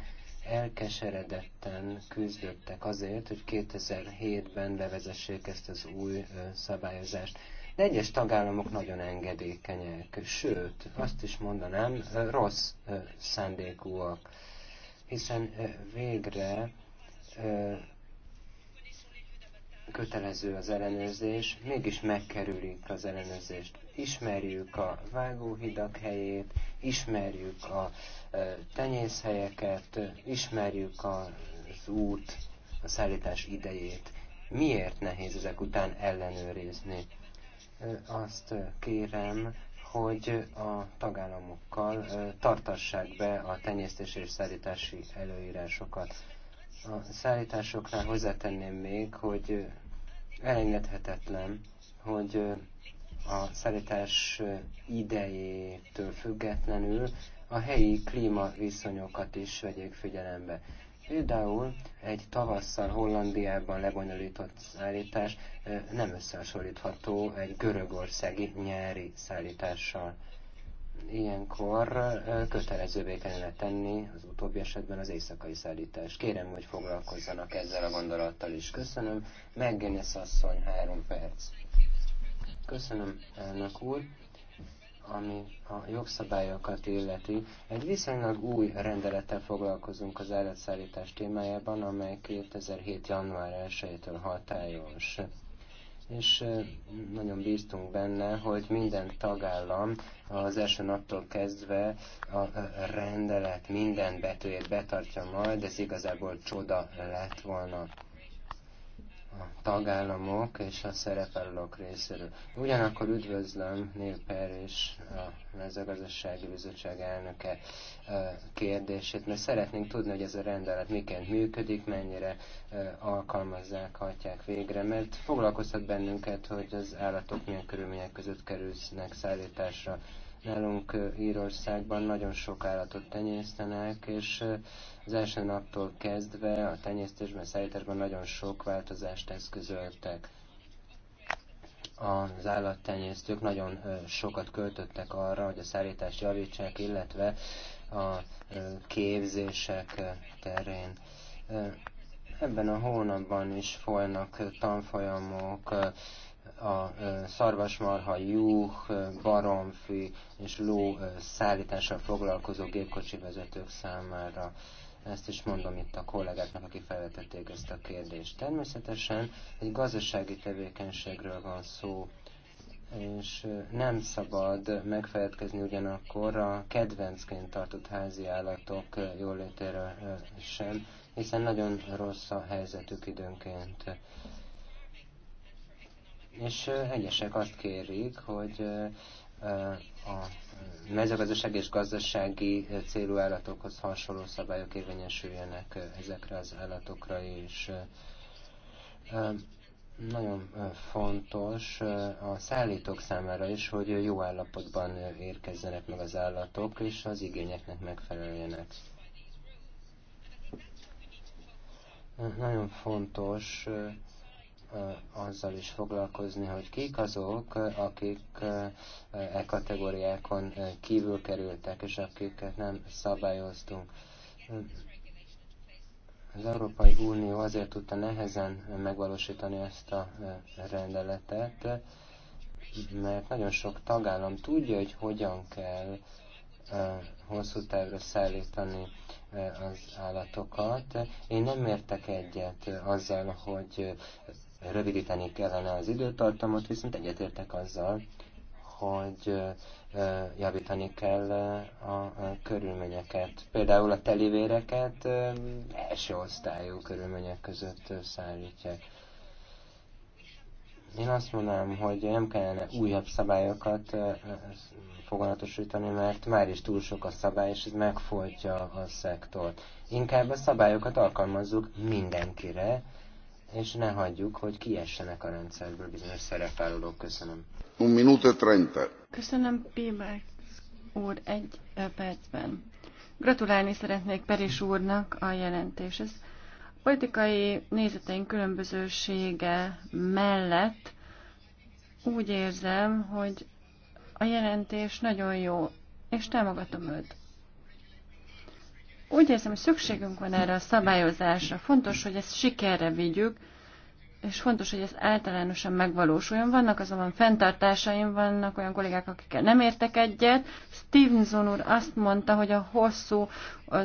elkeseredetten küzdöttek azért, hogy 2007-ben bevezessék ezt az új szabályozást. De egyes tagállamok nagyon engedékenyek, sőt, azt is mondanám, rossz szándékúak, hiszen végre kötelező az ellenőrzés, mégis megkerülik az ellenőrzést. Ismerjük a vágóhidak helyét, ismerjük a tenyészhelyeket, ismerjük az út, a szállítás idejét. Miért nehéz ezek után ellenőrizni? Azt kérem, hogy a tagállamokkal tartassák be a tenyésztés és szállítási előírásokat a szállításoknál hozzátenném még, hogy elengedhetetlen, hogy a szállítás idejétől függetlenül a helyi klímaviszonyokat is vegyék figyelembe. Például egy tavasszal Hollandiában lebonyolított szállítás nem összehasonlítható egy görögországi nyári szállítással ilyenkor kötelezővé kellene tenni az utóbbi esetben az éjszakai szállítás. Kérem, hogy foglalkozzanak ezzel a gondolattal is. Köszönöm. Meggenész asszony, három perc. Köszönöm, elnök úr ami a jogszabályokat illeti. Egy viszonylag új rendelettel foglalkozunk az állatszállítás témájában, amely 2007. január 1-től hatályos és nagyon bíztunk benne, hogy minden tagállam az első naptól kezdve a rendelet minden betűjét betartja majd, ez igazából csoda lett volna a tagállamok és a szerepelők részéről. Ugyanakkor üdvözlöm Neil Per és a mezőgazdasági bizottság elnöke kérdését, mert szeretnénk tudni, hogy ez a rendelet miként működik, mennyire alkalmazzák, hatják végre, mert foglalkoztat bennünket, hogy az állatok milyen körülmények között kerülnek szállításra Nálunk Írországban nagyon sok állatot tenyésztenek, és az első naptól kezdve a tenyésztésben, szállításban nagyon sok változást eszközöltek az állattenyésztők nagyon sokat költöttek arra, hogy a szállítást javítsák, illetve a képzések terén. Ebben a hónapban is folynak tanfolyamok, a szarvasmarha, juh, baromfű és ló szállítással foglalkozó gépkocsi vezetők számára. Ezt is mondom itt a kollégáknak, akik felvetették ezt a kérdést. Természetesen egy gazdasági tevékenységről van szó, és nem szabad megfeledkezni ugyanakkor a kedvencként tartott házi állatok jólétéről sem, hiszen nagyon rossz a helyzetük időnként és egyesek azt kérik, hogy a mezőgazdaság és gazdasági célú állatokhoz hasonló szabályok érvényesüljenek ezekre az állatokra is. Nagyon fontos a szállítók számára is, hogy jó állapotban érkezzenek meg az állatok, és az igényeknek megfeleljenek. Nagyon fontos azzal is foglalkozni, hogy kik azok, akik e kategóriákon kívül kerültek, és akiket nem szabályoztunk. Az Európai Unió azért tudta nehezen megvalósítani ezt a rendeletet, mert nagyon sok tagállam tudja, hogy hogyan kell hosszú távra szállítani az állatokat. Én nem értek egyet azzal, hogy rövidíteni kellene az időtartamot, viszont egyetértek azzal, hogy javítani kell a körülményeket. Például a telivéreket első osztályú körülmények között szállítják. Én azt mondanám, hogy nem kellene újabb szabályokat foganatosítani, mert már is túl sok a szabály, és ez megfolytja a szektort. Inkább a szabályokat alkalmazzuk mindenkire, és ne hagyjuk, hogy kiessenek a rendszerből bizonyos szerepvállalók. Köszönöm. Un minuto e trenta. Köszönöm, Péber úr, egy eh, percben. Gratulálni szeretnék Peris úrnak a jelentéshez. A politikai nézeteink különbözősége mellett úgy érzem, hogy a jelentés nagyon jó, és támogatom őt. Úgy érzem, hogy szükségünk van erre a szabályozásra. Fontos, hogy ezt sikerre vigyük, és fontos, hogy ez általánosan megvalósuljon. Vannak azonban fenntartásaim, vannak olyan kollégák, akikkel nem értek egyet. Stevenson úr azt mondta, hogy a hosszú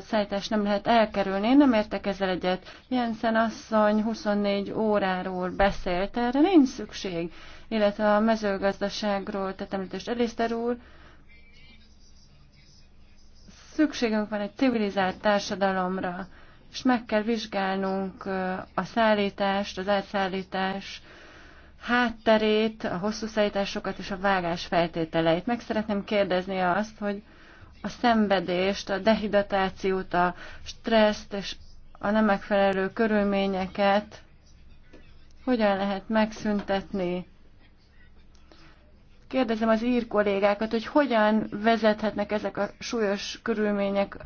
szállítást nem lehet elkerülni. Én nem értek ezzel egyet. Jensen asszony 24 óráról beszélt, erre nincs szükség. Illetve a mezőgazdaságról, tehát említést Eliszter úr, Szükségünk van egy civilizált társadalomra, és meg kell vizsgálnunk a szállítást, az elszállítás hátterét, a hosszú szállításokat és a vágás feltételeit. Meg szeretném kérdezni azt, hogy a szenvedést, a dehidratációt, a stresszt és a nem megfelelő körülményeket hogyan lehet megszüntetni Kérdezem az ír kollégákat, hogy hogyan vezethetnek ezek a súlyos körülmények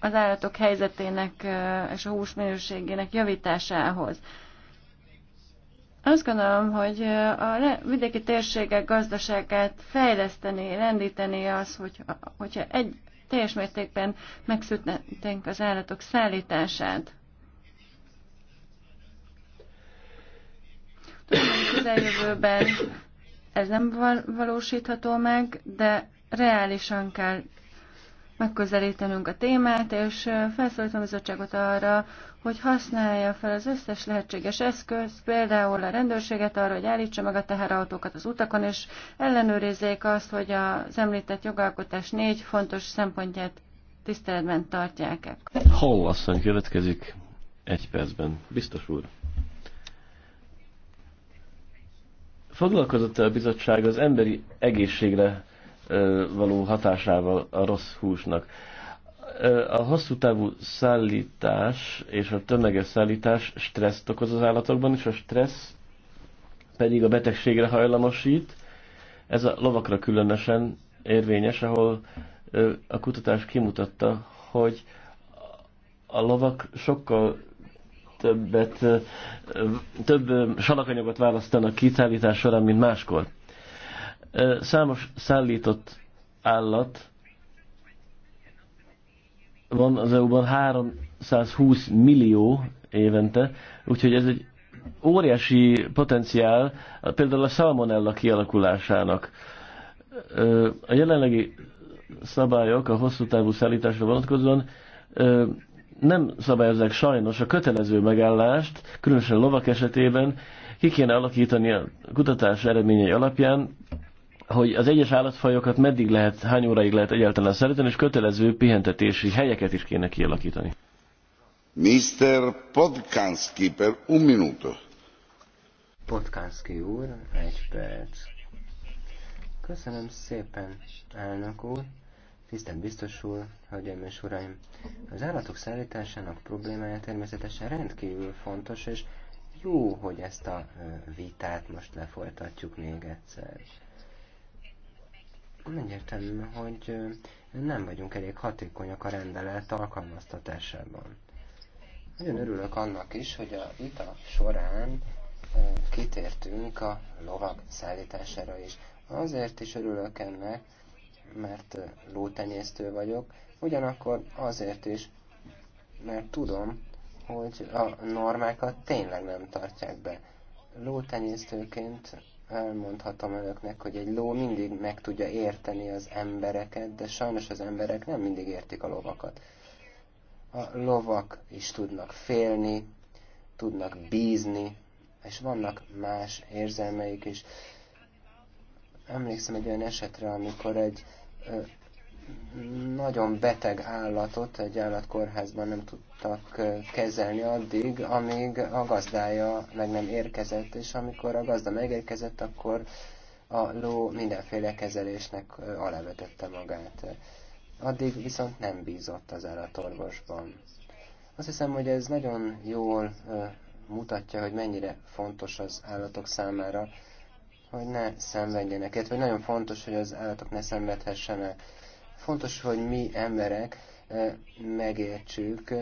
az állatok helyzetének és a hús minőségének javításához. Azt gondolom, hogy a vidéki térségek gazdaságát fejleszteni, rendíteni az, hogy, hogyha egy teljes mértékben megszüntetnénk az állatok szállítását. Tudom, hogy közeljövőben ez nem valósítható meg, de reálisan kell megközelítenünk a témát, és felszólítom a bizottságot arra, hogy használja fel az összes lehetséges eszközt, például a rendőrséget arra, hogy állítsa meg a teherautókat az utakon, és ellenőrizzék azt, hogy az említett jogalkotás négy fontos szempontját tiszteletben tartják-e. Hall asszony következik egy percben. Biztos úr. Foglalkozott a bizottság az emberi egészségre való hatásával a rossz húsnak? A hosszú távú szállítás és a tömeges szállítás stresszt okoz az állatokban, és a stressz pedig a betegségre hajlamosít. Ez a lovakra különösen érvényes, ahol a kutatás kimutatta, hogy a lovak sokkal többet, több salakanyagot választanak szállítás során, mint máskor. Számos szállított állat van az EU-ban 320 millió évente, úgyhogy ez egy óriási potenciál például a salmonella kialakulásának. A jelenlegi szabályok a hosszú távú szállításra vonatkozóan nem szabályozzák sajnos a kötelező megállást, különösen a lovak esetében, ki kéne alakítani a kutatás eredményei alapján, hogy az egyes állatfajokat meddig lehet, hány óráig lehet egyáltalán szeretni, és kötelező pihentetési helyeket is kéne kialakítani. Mr. Podkanski per un minuto. Podkanski úr, egy perc. Köszönöm szépen, elnök úr. Tisztelt biztos úr, hölgyeim és uraim! Az állatok szállításának problémája természetesen rendkívül fontos, és jó, hogy ezt a vitát most lefolytatjuk még egyszer. Egyértelmű, hogy nem vagyunk elég hatékonyak a rendelet alkalmaztatásában. Nagyon örülök annak is, hogy a vita során kitértünk a lovak szállítására is. Azért is örülök ennek, mert lótenyésztő vagyok, ugyanakkor azért is, mert tudom, hogy a normákat tényleg nem tartják be. Lótenyésztőként elmondhatom önöknek, hogy egy ló mindig meg tudja érteni az embereket, de sajnos az emberek nem mindig értik a lovakat. A lovak is tudnak félni, tudnak bízni, és vannak más érzelmeik is. Emlékszem egy olyan esetre, amikor egy nagyon beteg állatot egy állatkórházban nem tudtak kezelni addig, amíg a gazdája meg nem érkezett, és amikor a gazda megérkezett, akkor a ló mindenféle kezelésnek alávetette magát. Addig viszont nem bízott az állatorvosban. Azt hiszem, hogy ez nagyon jól mutatja, hogy mennyire fontos az állatok számára hogy ne szenvedjenek, illetve nagyon fontos, hogy az állatok ne szenvedhessenek. Fontos, hogy mi emberek eh, megértsük,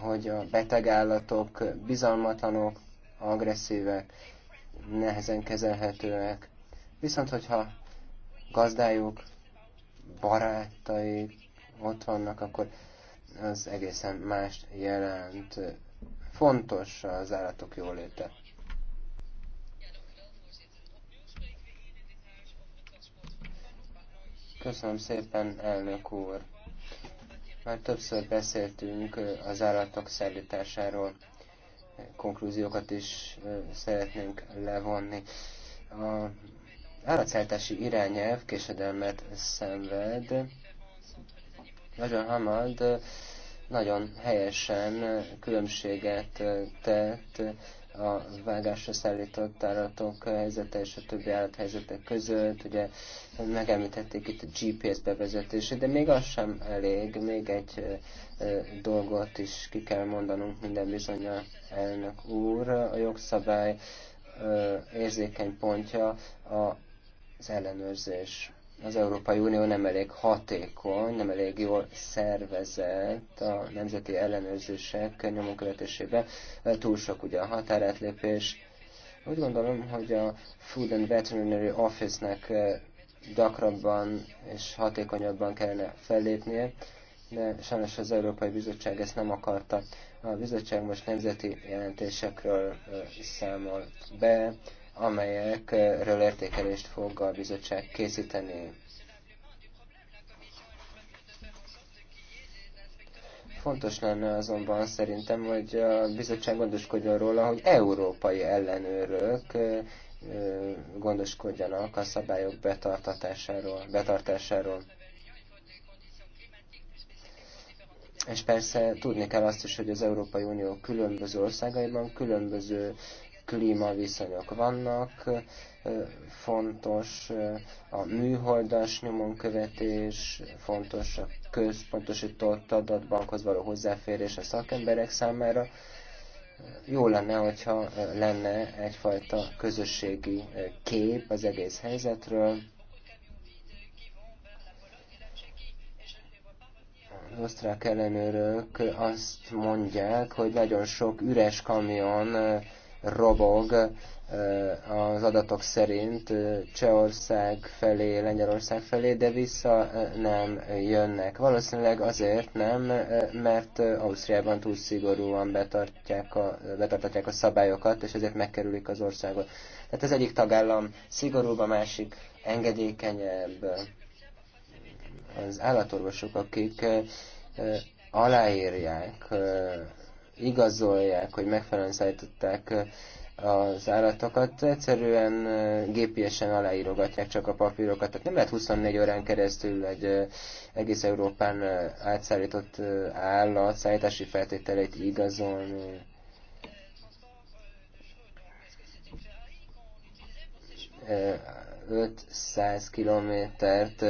hogy a beteg állatok bizalmatlanok, agresszívek, nehezen kezelhetőek. Viszont, hogyha gazdájuk, barátai ott vannak, akkor az egészen mást jelent. Fontos az állatok jóléte. Köszönöm szépen, elnök úr. Már többször beszéltünk az állatok szállításáról, konklúziókat is szeretnénk levonni. A állatszállítási irányelv késedelmet szenved. Nagyon hamad, nagyon helyesen különbséget tett a vágásra szállított állatok helyzete és a többi állathelyzetek között, ugye megemlítették itt a GPS bevezetését, de még az sem elég, még egy dolgot is ki kell mondanunk minden bizony elnök úr, a jogszabály érzékeny pontja az ellenőrzés az Európai Unió nem elég hatékony, nem elég jól szervezett a nemzeti ellenőrzések nyomonkövetésében. Túl sok ugye a határátlépés. Úgy gondolom, hogy a Food and Veterinary Office-nek eh, gyakrabban és hatékonyabban kellene fellépnie, de sajnos az Európai Bizottság ezt nem akarta. A bizottság most nemzeti jelentésekről eh, számol be, amelyekről értékelést fog a bizottság készíteni. Fontos lenne azonban szerintem, hogy a bizottság gondoskodjon róla, hogy európai ellenőrök gondoskodjanak a szabályok betartatásáról. betartásáról. És persze tudni kell azt is, hogy az Európai Unió különböző országaiban különböző klímaviszonyok vannak, fontos a műholdas nyomonkövetés, fontos a központosított adatbankhoz való hozzáférés a szakemberek számára. Jó lenne, hogyha lenne egyfajta közösségi kép az egész helyzetről, az osztrák ellenőrök azt mondják, hogy nagyon sok üres kamion robog az adatok szerint Csehország felé, Lengyelország felé, de vissza nem jönnek. Valószínűleg azért nem, mert Ausztriában túl szigorúan betartják a, betartatják a szabályokat, és ezért megkerülik az országot. Tehát az egyik tagállam szigorúbb, a másik engedékenyebb. Az állatorvosok, akik aláírják igazolják, hogy megfelelően szállították az állatokat, egyszerűen gépiesen aláírogatják csak a papírokat. Tehát nem lehet 24 órán keresztül egy egész Európán átszállított állat szállítási feltételeit igazolni. Uh, 500 kilométert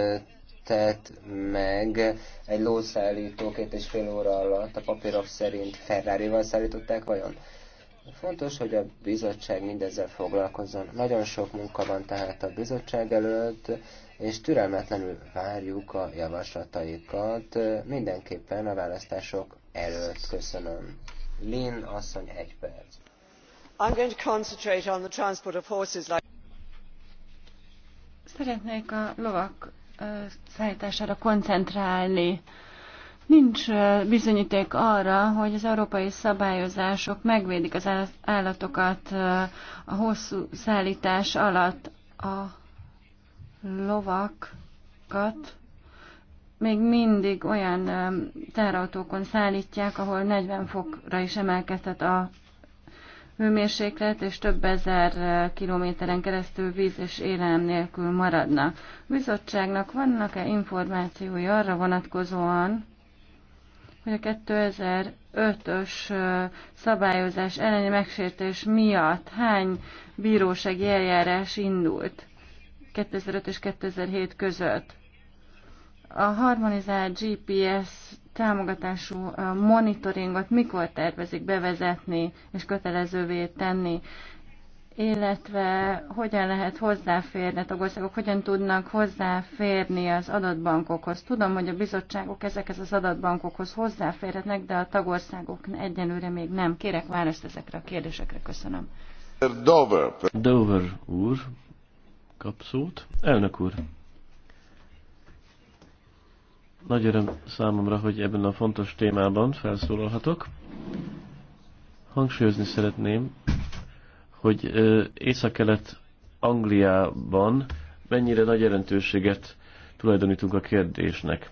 tett meg egy lószállító két és fél óra alatt, a papírok szerint Ferrari-val szállították vajon? Fontos, hogy a bizottság mindezzel foglalkozzon. Nagyon sok munka van tehát a bizottság előtt, és türelmetlenül várjuk a javaslataikat, mindenképpen a választások előtt. Köszönöm. Lin asszony, egy perc. I'm going to concentrate on the transport of horses like... Szeretnék a lovak szállítására koncentrálni. Nincs bizonyíték arra, hogy az európai szabályozások megvédik az állatokat a hosszú szállítás alatt a lovakat. Még mindig olyan teherautókon szállítják, ahol 40 fokra is emelkedhet a hőmérséklet, és több ezer kilométeren keresztül víz és élelem nélkül maradnak. bizottságnak vannak-e információi arra vonatkozóan, hogy a 2005-ös szabályozás elleni megsértés miatt hány bírósági eljárás indult 2005 és 2007 között? A harmonizált GPS támogatású monitoringot mikor tervezik bevezetni és kötelezővé tenni, illetve hogyan lehet hozzáférni, a országok hogyan tudnak hozzáférni az adatbankokhoz. Tudom, hogy a bizottságok ezekhez az adatbankokhoz hozzáférhetnek, de a tagországok egyenlőre még nem. Kérek választ ezekre a kérdésekre. Köszönöm. Dover, Dover úr, kapszót. Elnök úr, nagy öröm számomra, hogy ebben a fontos témában felszólalhatok. Hangsúlyozni szeretném, hogy Észak-Európa, Észak-Kelet Angliában mennyire nagy jelentőséget tulajdonítunk a kérdésnek.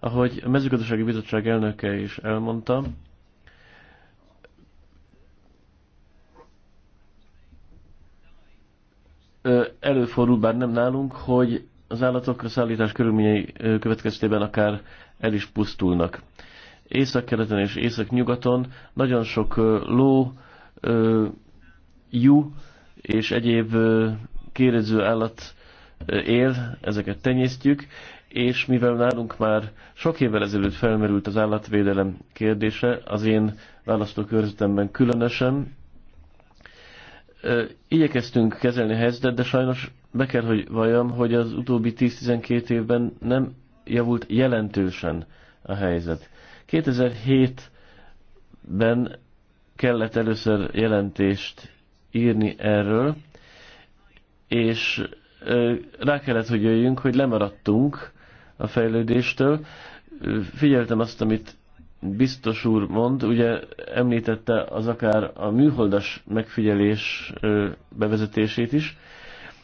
Ahogy a mezőgazdasági bizottság elnöke is elmondta, előfordul, bár nem nálunk, hogy az állatokra szállítás körülményei következtében akár el is pusztulnak. Észak-keleten és észak-nyugaton nagyon sok ló, jú és egyéb kérdező állat él, ezeket tenyésztjük, és mivel nálunk már sok évvel ezelőtt felmerült az állatvédelem kérdése, az én választókörzetemben különösen, Igyekeztünk kezelni a helyzetet, de sajnos be kell, hogy valljam, hogy az utóbbi 10-12 évben nem javult jelentősen a helyzet. 2007-ben kellett először jelentést írni erről, és rá kellett, hogy jöjjünk, hogy lemaradtunk a fejlődéstől. Figyeltem azt, amit biztos úr mond, ugye említette az akár a műholdas megfigyelés bevezetését is,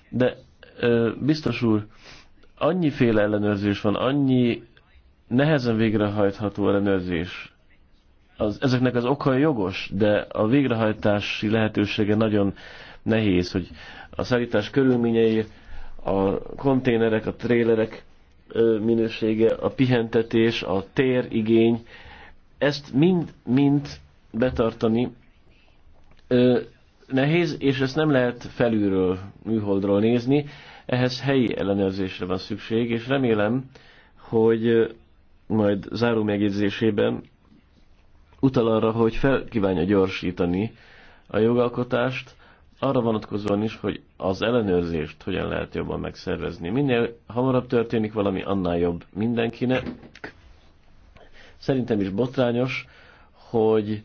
de biztos úr, annyiféle ellenőrzés van, annyi nehezen végrehajtható ellenőrzés. Az, ezeknek az oka jogos, de a végrehajtási lehetősége nagyon nehéz, hogy a szállítás körülményei, a konténerek, a trélerek minősége, a pihentetés, a térigény, ezt mind-mind betartani ö, nehéz, és ezt nem lehet felülről, műholdról nézni, ehhez helyi ellenőrzésre van szükség, és remélem, hogy majd záró megjegyzésében utal arra, hogy fel kívánja gyorsítani a jogalkotást, arra vonatkozóan is, hogy az ellenőrzést hogyan lehet jobban megszervezni. Minél hamarabb történik valami, annál jobb mindenkinek, Szerintem is botrányos, hogy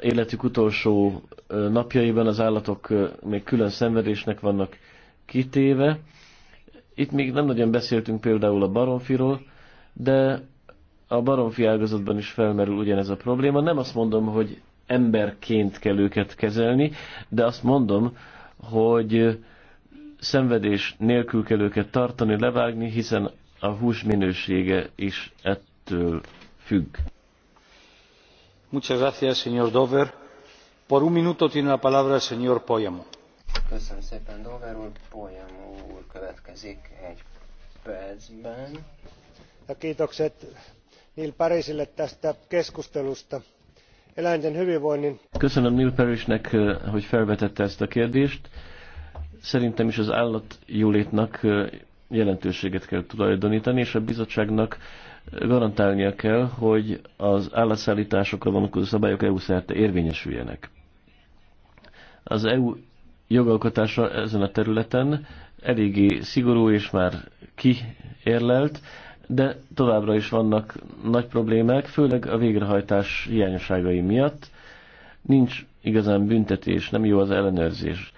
életük utolsó napjaiban az állatok még külön szenvedésnek vannak kitéve. Itt még nem nagyon beszéltünk például a baromfiról, de a baromfi ágazatban is felmerül ugyanez a probléma. Nem azt mondom, hogy emberként kell őket kezelni, de azt mondom, hogy szenvedés nélkül kell őket tartani, levágni, hiszen a hús minősége is től függ. Muchas gracias, señor Dover. Por un minuto tiene la palabra el señor Poyamo. Köszönöm szépen, Dover úr. Poyamo úr következik egy percben. Ja kiitokset Neil Parisille tästä keskustelusta. Eläinten hyvinvoinnin... Köszönöm Neil Parisnek, eh, hogy felvetette ezt a kérdést. Szerintem is az állat jólétnek eh, jelentőséget kell tulajdonítani, és a bizottságnak garantálnia kell, hogy az állatszállításokra vonatkozó szabályok EU szerte érvényesüljenek. Az EU jogalkotása ezen a területen eléggé szigorú és már kiérlelt, de továbbra is vannak nagy problémák, főleg a végrehajtás hiányosságai miatt. Nincs igazán büntetés, nem jó az ellenőrzés.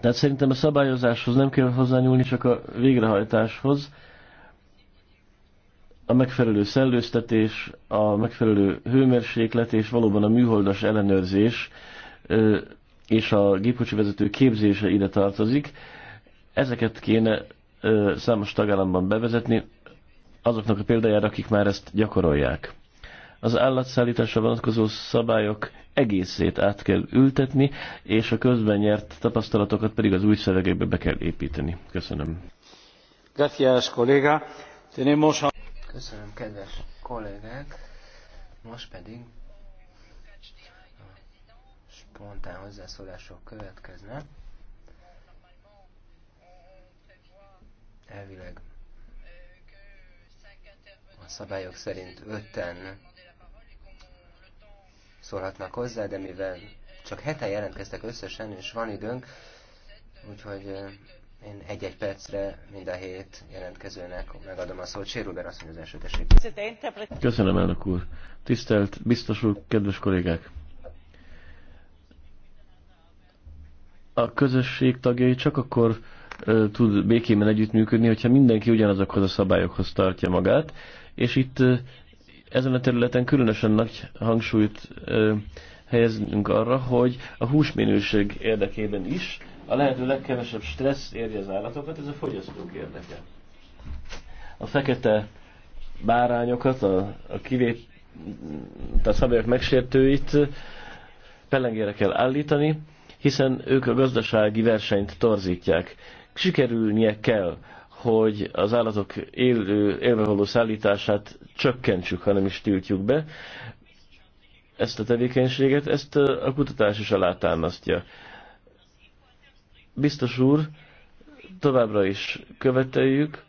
Tehát szerintem a szabályozáshoz nem kell hozzányúlni, csak a végrehajtáshoz. A megfelelő szellőztetés, a megfelelő hőmérséklet és valóban a műholdas ellenőrzés és a gépkocsi vezető képzése ide tartozik. Ezeket kéne számos tagállamban bevezetni, azoknak a példájára, akik már ezt gyakorolják az állatszállításra vonatkozó szabályok egészét át kell ültetni, és a közben nyert tapasztalatokat pedig az új szövegekbe be kell építeni. Köszönöm. Gracias, kolléga. Tenemos a... Köszönöm, kedves kollégák. Most pedig a spontán hozzászólások következnek. Elvileg a szabályok szerint ötten szólhatnak hozzá, de mivel csak heten jelentkeztek összesen, és van időnk, úgyhogy én egy-egy percre mind a hét jelentkezőnek megadom a szót. Sérülben azt mondja az első tessék. Köszönöm, elnök úr. Tisztelt biztos úr, kedves kollégák! A közösség tagjai csak akkor tud békében együttműködni, hogyha mindenki ugyanazokhoz a szabályokhoz tartja magát, és itt ezen a területen különösen nagy hangsúlyt ö, helyezünk arra, hogy a húsminőség érdekében is a lehető legkevesebb stressz érje az állatokat, ez a fogyasztók érdeke. A fekete bárányokat, a, a kivét, a szabályok megsértőit pellengére kell állítani, hiszen ők a gazdasági versenyt torzítják. Sikerülnie kell hogy az állatok élő, élve való szállítását csökkentsük, hanem is tiltjuk be. Ezt a tevékenységet, ezt a kutatás is alátámasztja. Biztos úr, továbbra is követeljük,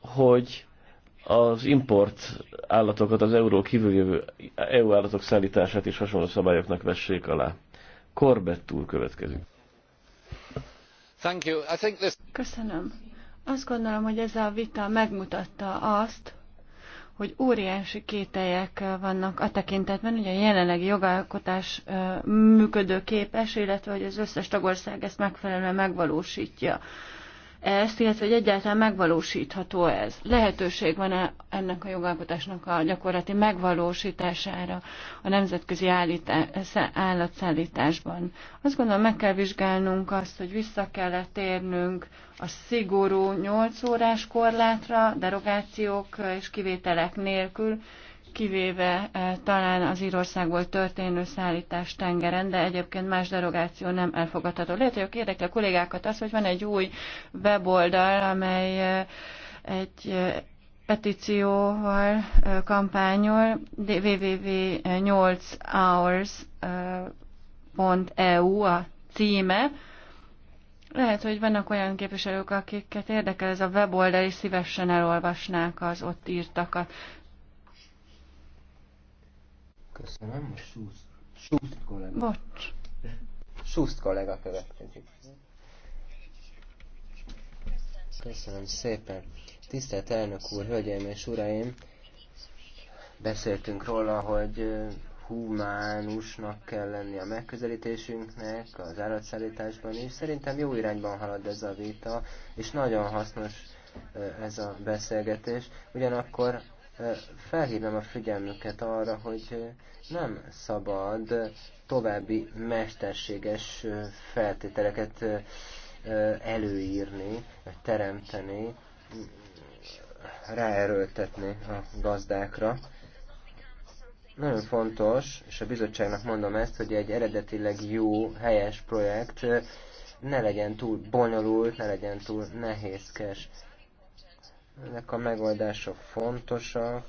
hogy az import állatokat, az euró kívül jövő EU állatok szállítását is hasonló szabályoknak vessék alá. Corbett úr következik. Köszönöm. Azt gondolom, hogy ez a vita megmutatta azt, hogy óriási kételyek vannak a tekintetben, hogy a jelenlegi jogalkotás működőképes, illetve hogy az összes tagország ezt megfelelően megvalósítja ezt, illetve hogy egyáltalán megvalósítható ez. Lehetőség van -e ennek a jogalkotásnak a gyakorlati megvalósítására a nemzetközi állatszállításban. Azt gondolom, meg kell vizsgálnunk azt, hogy vissza kell térnünk a szigorú 8 órás korlátra, derogációk és kivételek nélkül, kivéve eh, talán az Írországból történő szállítás tengeren, de egyébként más derogáció nem elfogadható. Lehet, hogy érdekli a kollégákat az, hogy van egy új weboldal, amely eh, egy eh, petícióval kampányol, www.8hours.eu e a címe. Lehet, hogy vannak olyan képviselők, akiket érdekel ez a weboldal, és szívesen elolvasnák az ott írtakat. Köszönöm, most Schust, Schust kollega. Bocs. Schust kollega következik. Köszönöm szépen. Tisztelt elnök úr, hölgyeim és uraim! Beszéltünk róla, hogy humánusnak kell lenni a megközelítésünknek az állatszállításban is. Szerintem jó irányban halad ez a vita, és nagyon hasznos ez a beszélgetés. Ugyanakkor felhívnám a figyelmüket arra, hogy nem szabad további mesterséges feltételeket előírni, vagy teremteni, ráerőltetni a gazdákra. Nagyon fontos, és a bizottságnak mondom ezt, hogy egy eredetileg jó, helyes projekt ne legyen túl bonyolult, ne legyen túl nehézkes ennek a megoldások fontosak,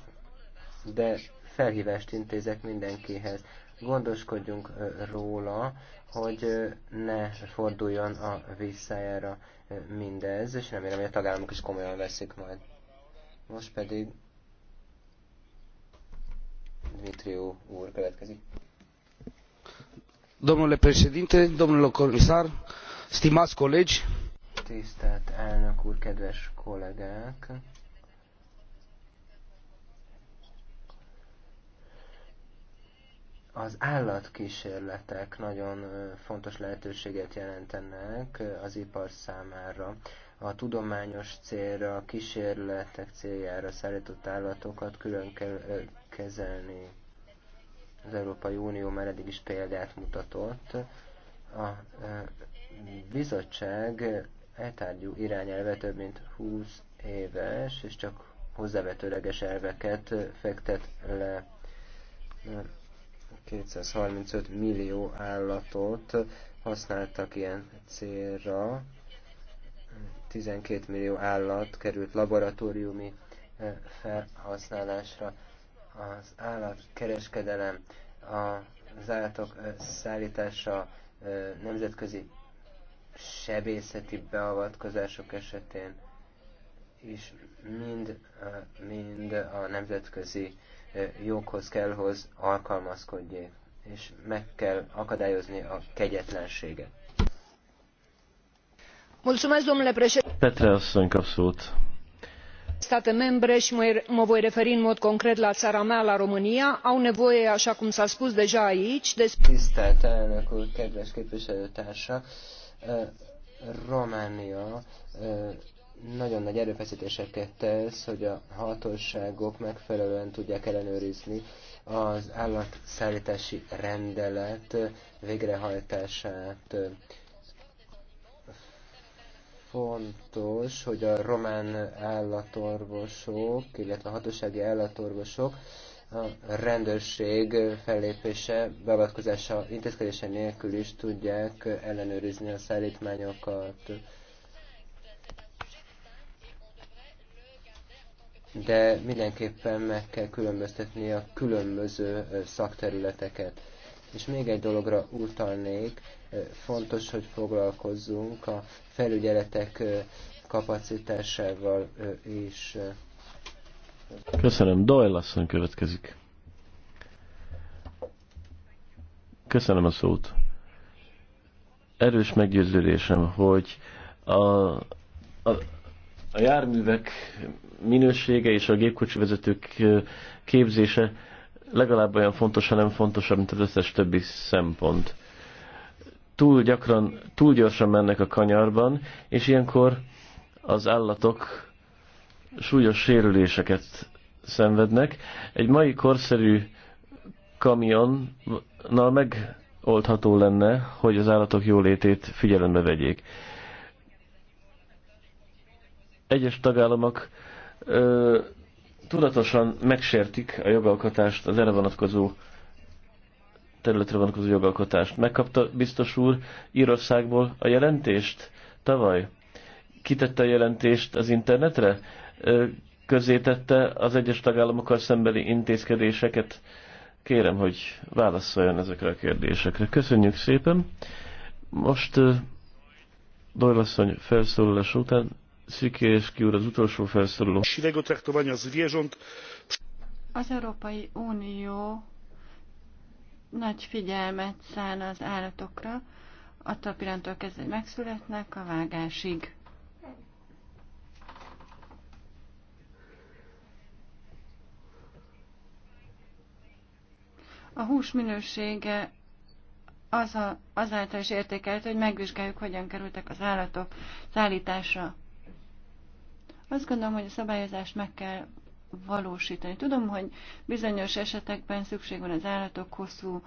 de felhívást intézek mindenkihez. Gondoskodjunk róla, hogy ne forduljon a visszájára mindez, és remélem, hogy a tagállamok is komolyan veszik majd. Most pedig Dmitrió úr következik. Domnule președinte, domnule comisar, stimați colegi, Tisztelt elnök úr, kedves kollégák! Az állatkísérletek nagyon fontos lehetőséget jelentenek az ipar számára. A tudományos célra, a kísérletek céljára szállított állatokat külön kell kezelni. Az Európai Unió már eddig is példát mutatott. A bizottság eltárgyú irányelve több mint 20 éves, és csak hozzávetőleges elveket fektet le 235 millió állatot használtak ilyen célra. 12 millió állat került laboratóriumi eh, felhasználásra. Az állatkereskedelem, az állatok eh, szállítása eh, nemzetközi sebészeti beavatkozások esetén is mind, mind a nemzetközi joghoz kell, hoz alkalmazkodjék, és meg kell akadályozni a kegyetlenséget. Mulțumesc, domnule președinte. Petre asszony kap szót. State membre și mă voi referi în mod concret la țara mea, la România, au nevoie, așa cum s-a spus deja aici, de... Tisztelt elnök úr, kedves képviselőtársak! Románia nagyon nagy erőfeszítéseket tesz, hogy a hatóságok megfelelően tudják ellenőrizni az állatszállítási rendelet végrehajtását. Fontos, hogy a román állatorvosok, illetve a hatósági állatorvosok a rendőrség fellépése, beavatkozása, intézkedése nélkül is tudják ellenőrizni a szállítmányokat. De mindenképpen meg kell különböztetni a különböző szakterületeket. És még egy dologra utalnék, fontos, hogy foglalkozzunk a felügyeletek kapacitásával is. Köszönöm, Doyle asszony következik. Köszönöm a szót. Erős meggyőződésem, hogy a, a, a járművek minősége és a gépkocsi vezetők képzése legalább olyan fontos, ha nem fontosabb, mint az összes többi szempont. Túl gyakran, túl gyorsan mennek a kanyarban, és ilyenkor az állatok súlyos sérüléseket szenvednek. Egy mai korszerű kamionnal megoldható lenne, hogy az állatok jólétét figyelembe vegyék. Egyes tagállamok ö, tudatosan megsértik a jogalkotást, az erre vonatkozó területre vonatkozó jogalkotást. Megkapta biztos úr Írországból a jelentést tavaly? Kitette a jelentést az internetre? közzétette az egyes tagállamokkal szembeni intézkedéseket. Kérem, hogy válaszoljon ezekre a kérdésekre. Köszönjük szépen. Most Dojlasszony felszólalás után Sziké és Kiúr az utolsó felszóló. Az Európai Unió nagy figyelmet szán az állatokra, attól pillanattól kezdve, hogy megszületnek a vágásig. A hús minősége az a, azáltal is értékelt, hogy megvizsgáljuk, hogyan kerültek az állatok szállításra. Azt gondolom, hogy a szabályozást meg kell valósítani. Tudom, hogy bizonyos esetekben szükség van az állatok hosszú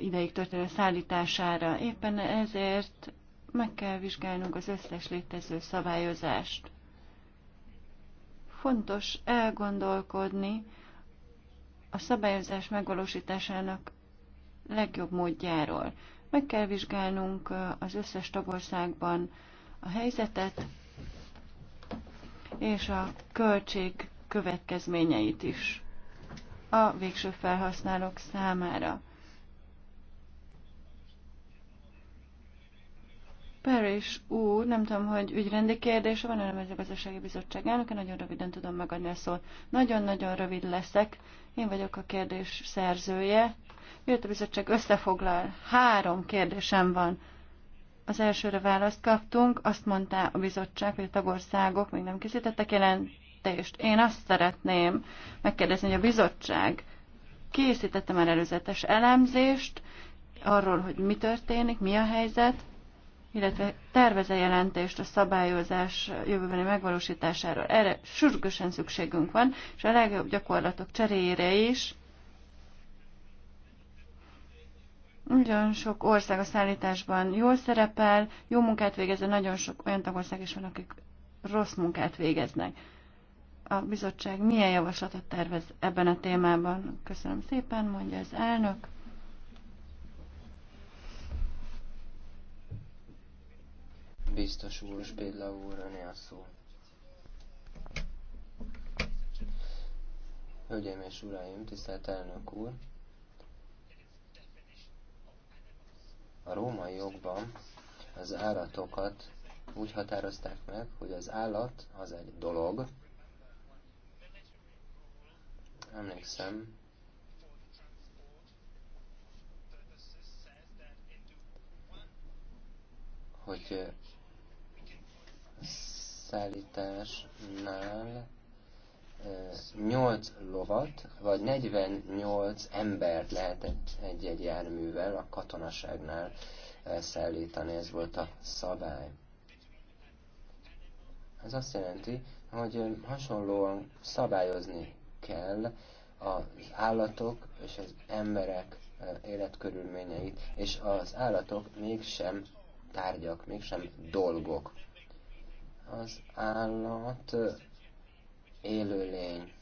ideig történő szállítására. Éppen ezért meg kell vizsgálnunk az összes létező szabályozást. Fontos elgondolkodni a szabályozás megvalósításának legjobb módjáról. Meg kell vizsgálnunk az összes tagországban a helyzetet és a költség következményeit is a végső felhasználók számára. Paris úr, nem tudom, hogy ügyrendi kérdése van, hanem ez a gazdasági bizottság elnöke, nagyon röviden tudom megadni a szót. Nagyon-nagyon rövid leszek, én vagyok a kérdés szerzője. Jött a bizottság összefoglal, három kérdésem van. Az elsőre választ kaptunk, azt mondta a bizottság, hogy a tagországok még nem készítettek jelentést. Én azt szeretném megkérdezni, hogy a bizottság készítette már előzetes elemzést arról, hogy mi történik, mi a helyzet, illetve tervez jelentést a szabályozás jövőbeni megvalósításáról. Erre sürgősen szükségünk van, és a legjobb gyakorlatok cseréjére is. Nagyon sok ország a szállításban jól szerepel, jó munkát végez, de nagyon sok olyan tagország is van, akik rossz munkát végeznek. A bizottság milyen javaslatot tervez ebben a témában? Köszönöm szépen, mondja az elnök. Biztos úr, Spédla úr, öné a szó. Hölgyeim és uraim, tisztelt elnök úr! A római jogban az állatokat úgy határozták meg, hogy az állat az egy dolog. Emlékszem, hogy szállításnál 8 lovat, vagy 48 embert lehetett egy-egy járművel a katonaságnál szállítani, ez volt a szabály. Ez azt jelenti, hogy hasonlóan szabályozni kell az állatok és az emberek életkörülményeit, és az állatok mégsem tárgyak, mégsem dolgok. Az állat élőlény,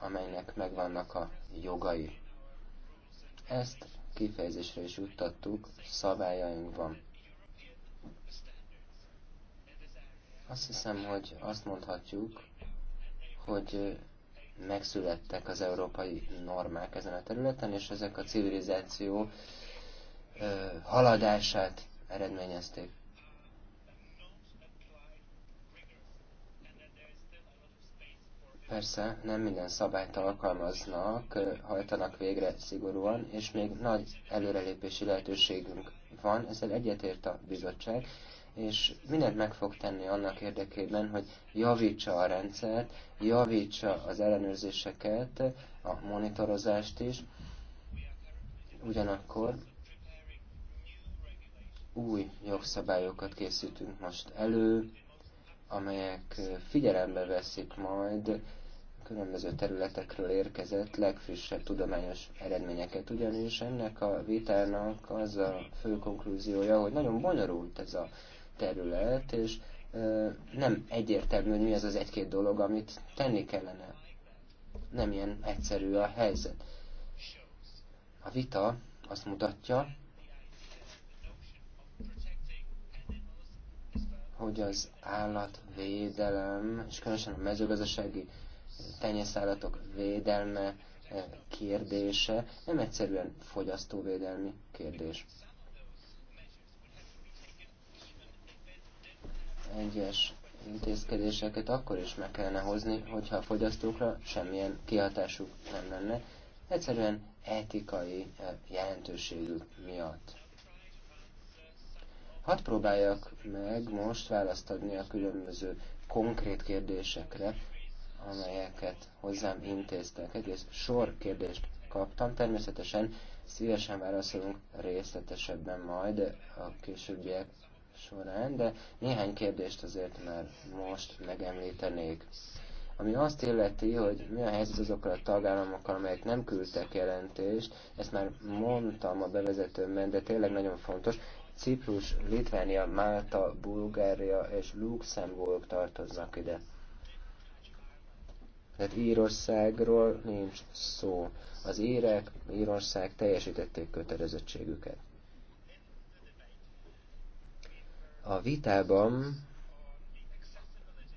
amelynek megvannak a jogai. Ezt kifejezésre is juttattuk szabályainkban. Azt hiszem, hogy azt mondhatjuk, hogy megszülettek az európai normák ezen a területen, és ezek a civilizáció haladását eredményezték. Persze, nem minden szabályt alkalmaznak, hajtanak végre szigorúan, és még nagy előrelépési lehetőségünk van, ezzel egyetért a bizottság, és mindent meg fog tenni annak érdekében, hogy javítsa a rendszert, javítsa az ellenőrzéseket, a monitorozást is, ugyanakkor új jogszabályokat készítünk most elő, amelyek figyelembe veszik majd különböző területekről érkezett legfrissebb tudományos eredményeket, ugyanis ennek a vitának az a fő konklúziója, hogy nagyon bonyolult ez a terület, és nem egyértelmű, hogy mi az az egy-két dolog, amit tenni kellene. Nem ilyen egyszerű a helyzet. A vita azt mutatja, hogy az állatvédelem, és különösen a mezőgazdasági tenyészállatok védelme eh, kérdése nem egyszerűen fogyasztóvédelmi kérdés. Egyes intézkedéseket akkor is meg kellene hozni, hogyha a fogyasztókra semmilyen kihatásuk nem lenne, egyszerűen etikai eh, jelentőségük miatt. Hadd próbáljak meg most választ adni a különböző konkrét kérdésekre, amelyeket hozzám intéztek. Egész sor kérdést kaptam. Természetesen szívesen válaszolunk részletesebben majd a későbbiek során, de néhány kérdést azért már most megemlítenék. Ami azt illeti, hogy mi a helyzet azokkal a tagállamokkal, amelyek nem küldtek jelentést, ezt már mondtam a bevezetőmben, de tényleg nagyon fontos, Ciprus, Litvánia, Málta, Bulgária és Luxemburg tartoznak ide. Tehát Írországról nincs szó. Az írek, Írország teljesítették kötelezettségüket. A vitában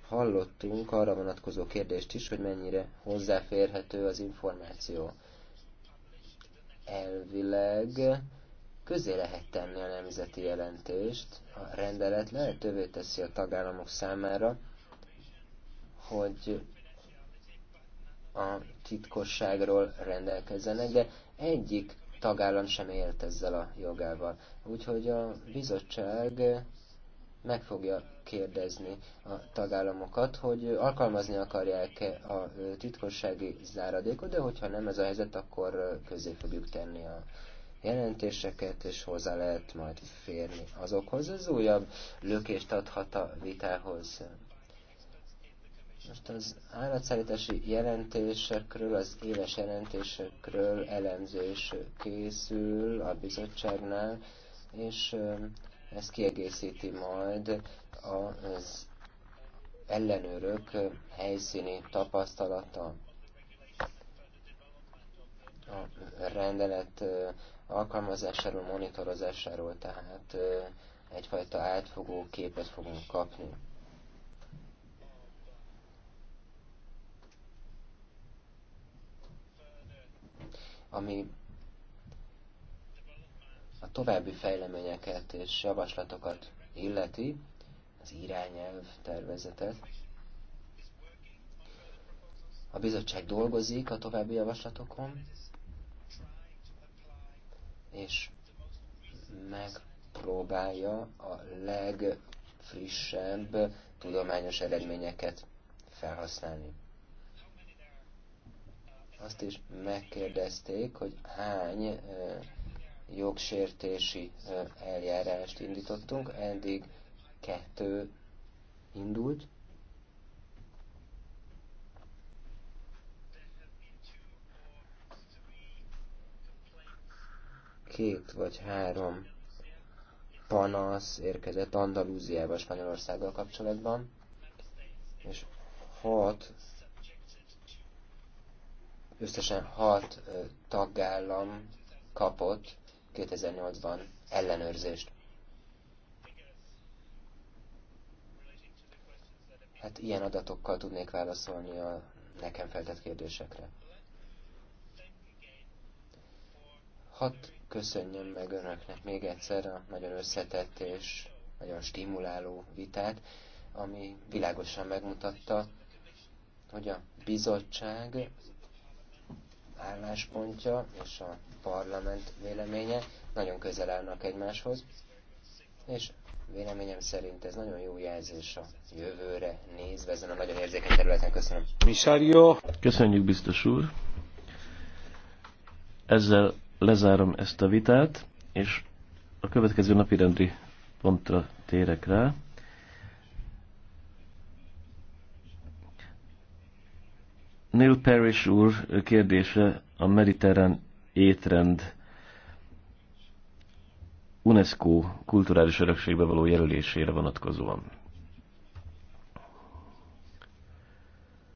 hallottunk arra vonatkozó kérdést is, hogy mennyire hozzáférhető az információ. Elvileg közé lehet tenni a nemzeti jelentést, a rendelet lehetővé teszi a tagállamok számára, hogy a titkosságról rendelkezzenek, de egyik tagállam sem élt ezzel a jogával. Úgyhogy a bizottság meg fogja kérdezni a tagállamokat, hogy alkalmazni akarják-e a titkossági záradékot, de hogyha nem ez a helyzet, akkor közé fogjuk tenni a jelentéseket, és hozzá lehet majd férni azokhoz. Ez újabb lökést adhat a vitához. Most az állatszállítási jelentésekről, az éves jelentésekről elemzés készül a bizottságnál, és ez kiegészíti majd az ellenőrök helyszíni tapasztalata. A rendelet alkalmazásáról, monitorozásáról tehát egyfajta átfogó képet fogunk kapni. ami a további fejleményeket és javaslatokat illeti, az irányelv tervezetet. A bizottság dolgozik a további javaslatokon, és megpróbálja a legfrissebb tudományos eredményeket felhasználni. Azt is megkérdezték, hogy hány jogsértési eljárást indítottunk, eddig kettő indult. Két vagy három panasz érkezett Andalúziába Spanyolországgal kapcsolatban, és hat Összesen hat tagállam kapott 2008-ban ellenőrzést. Hát ilyen adatokkal tudnék válaszolni a nekem feltett kérdésekre. Hadd köszönjem meg önöknek még egyszer a nagyon összetett és nagyon stimuláló vitát, ami világosan megmutatta, hogy a bizottság álláspontja és a parlament véleménye nagyon közel állnak egymáshoz, és véleményem szerint ez nagyon jó jelzés a jövőre nézve ezen a nagyon érzékeny területen. Köszönöm. Misario. Köszönjük, biztos úr. Ezzel lezárom ezt a vitát, és a következő napi rendi pontra térek rá. Neil Parrish úr kérdése a mediterrán étrend UNESCO kulturális örökségbe való jelölésére vonatkozóan.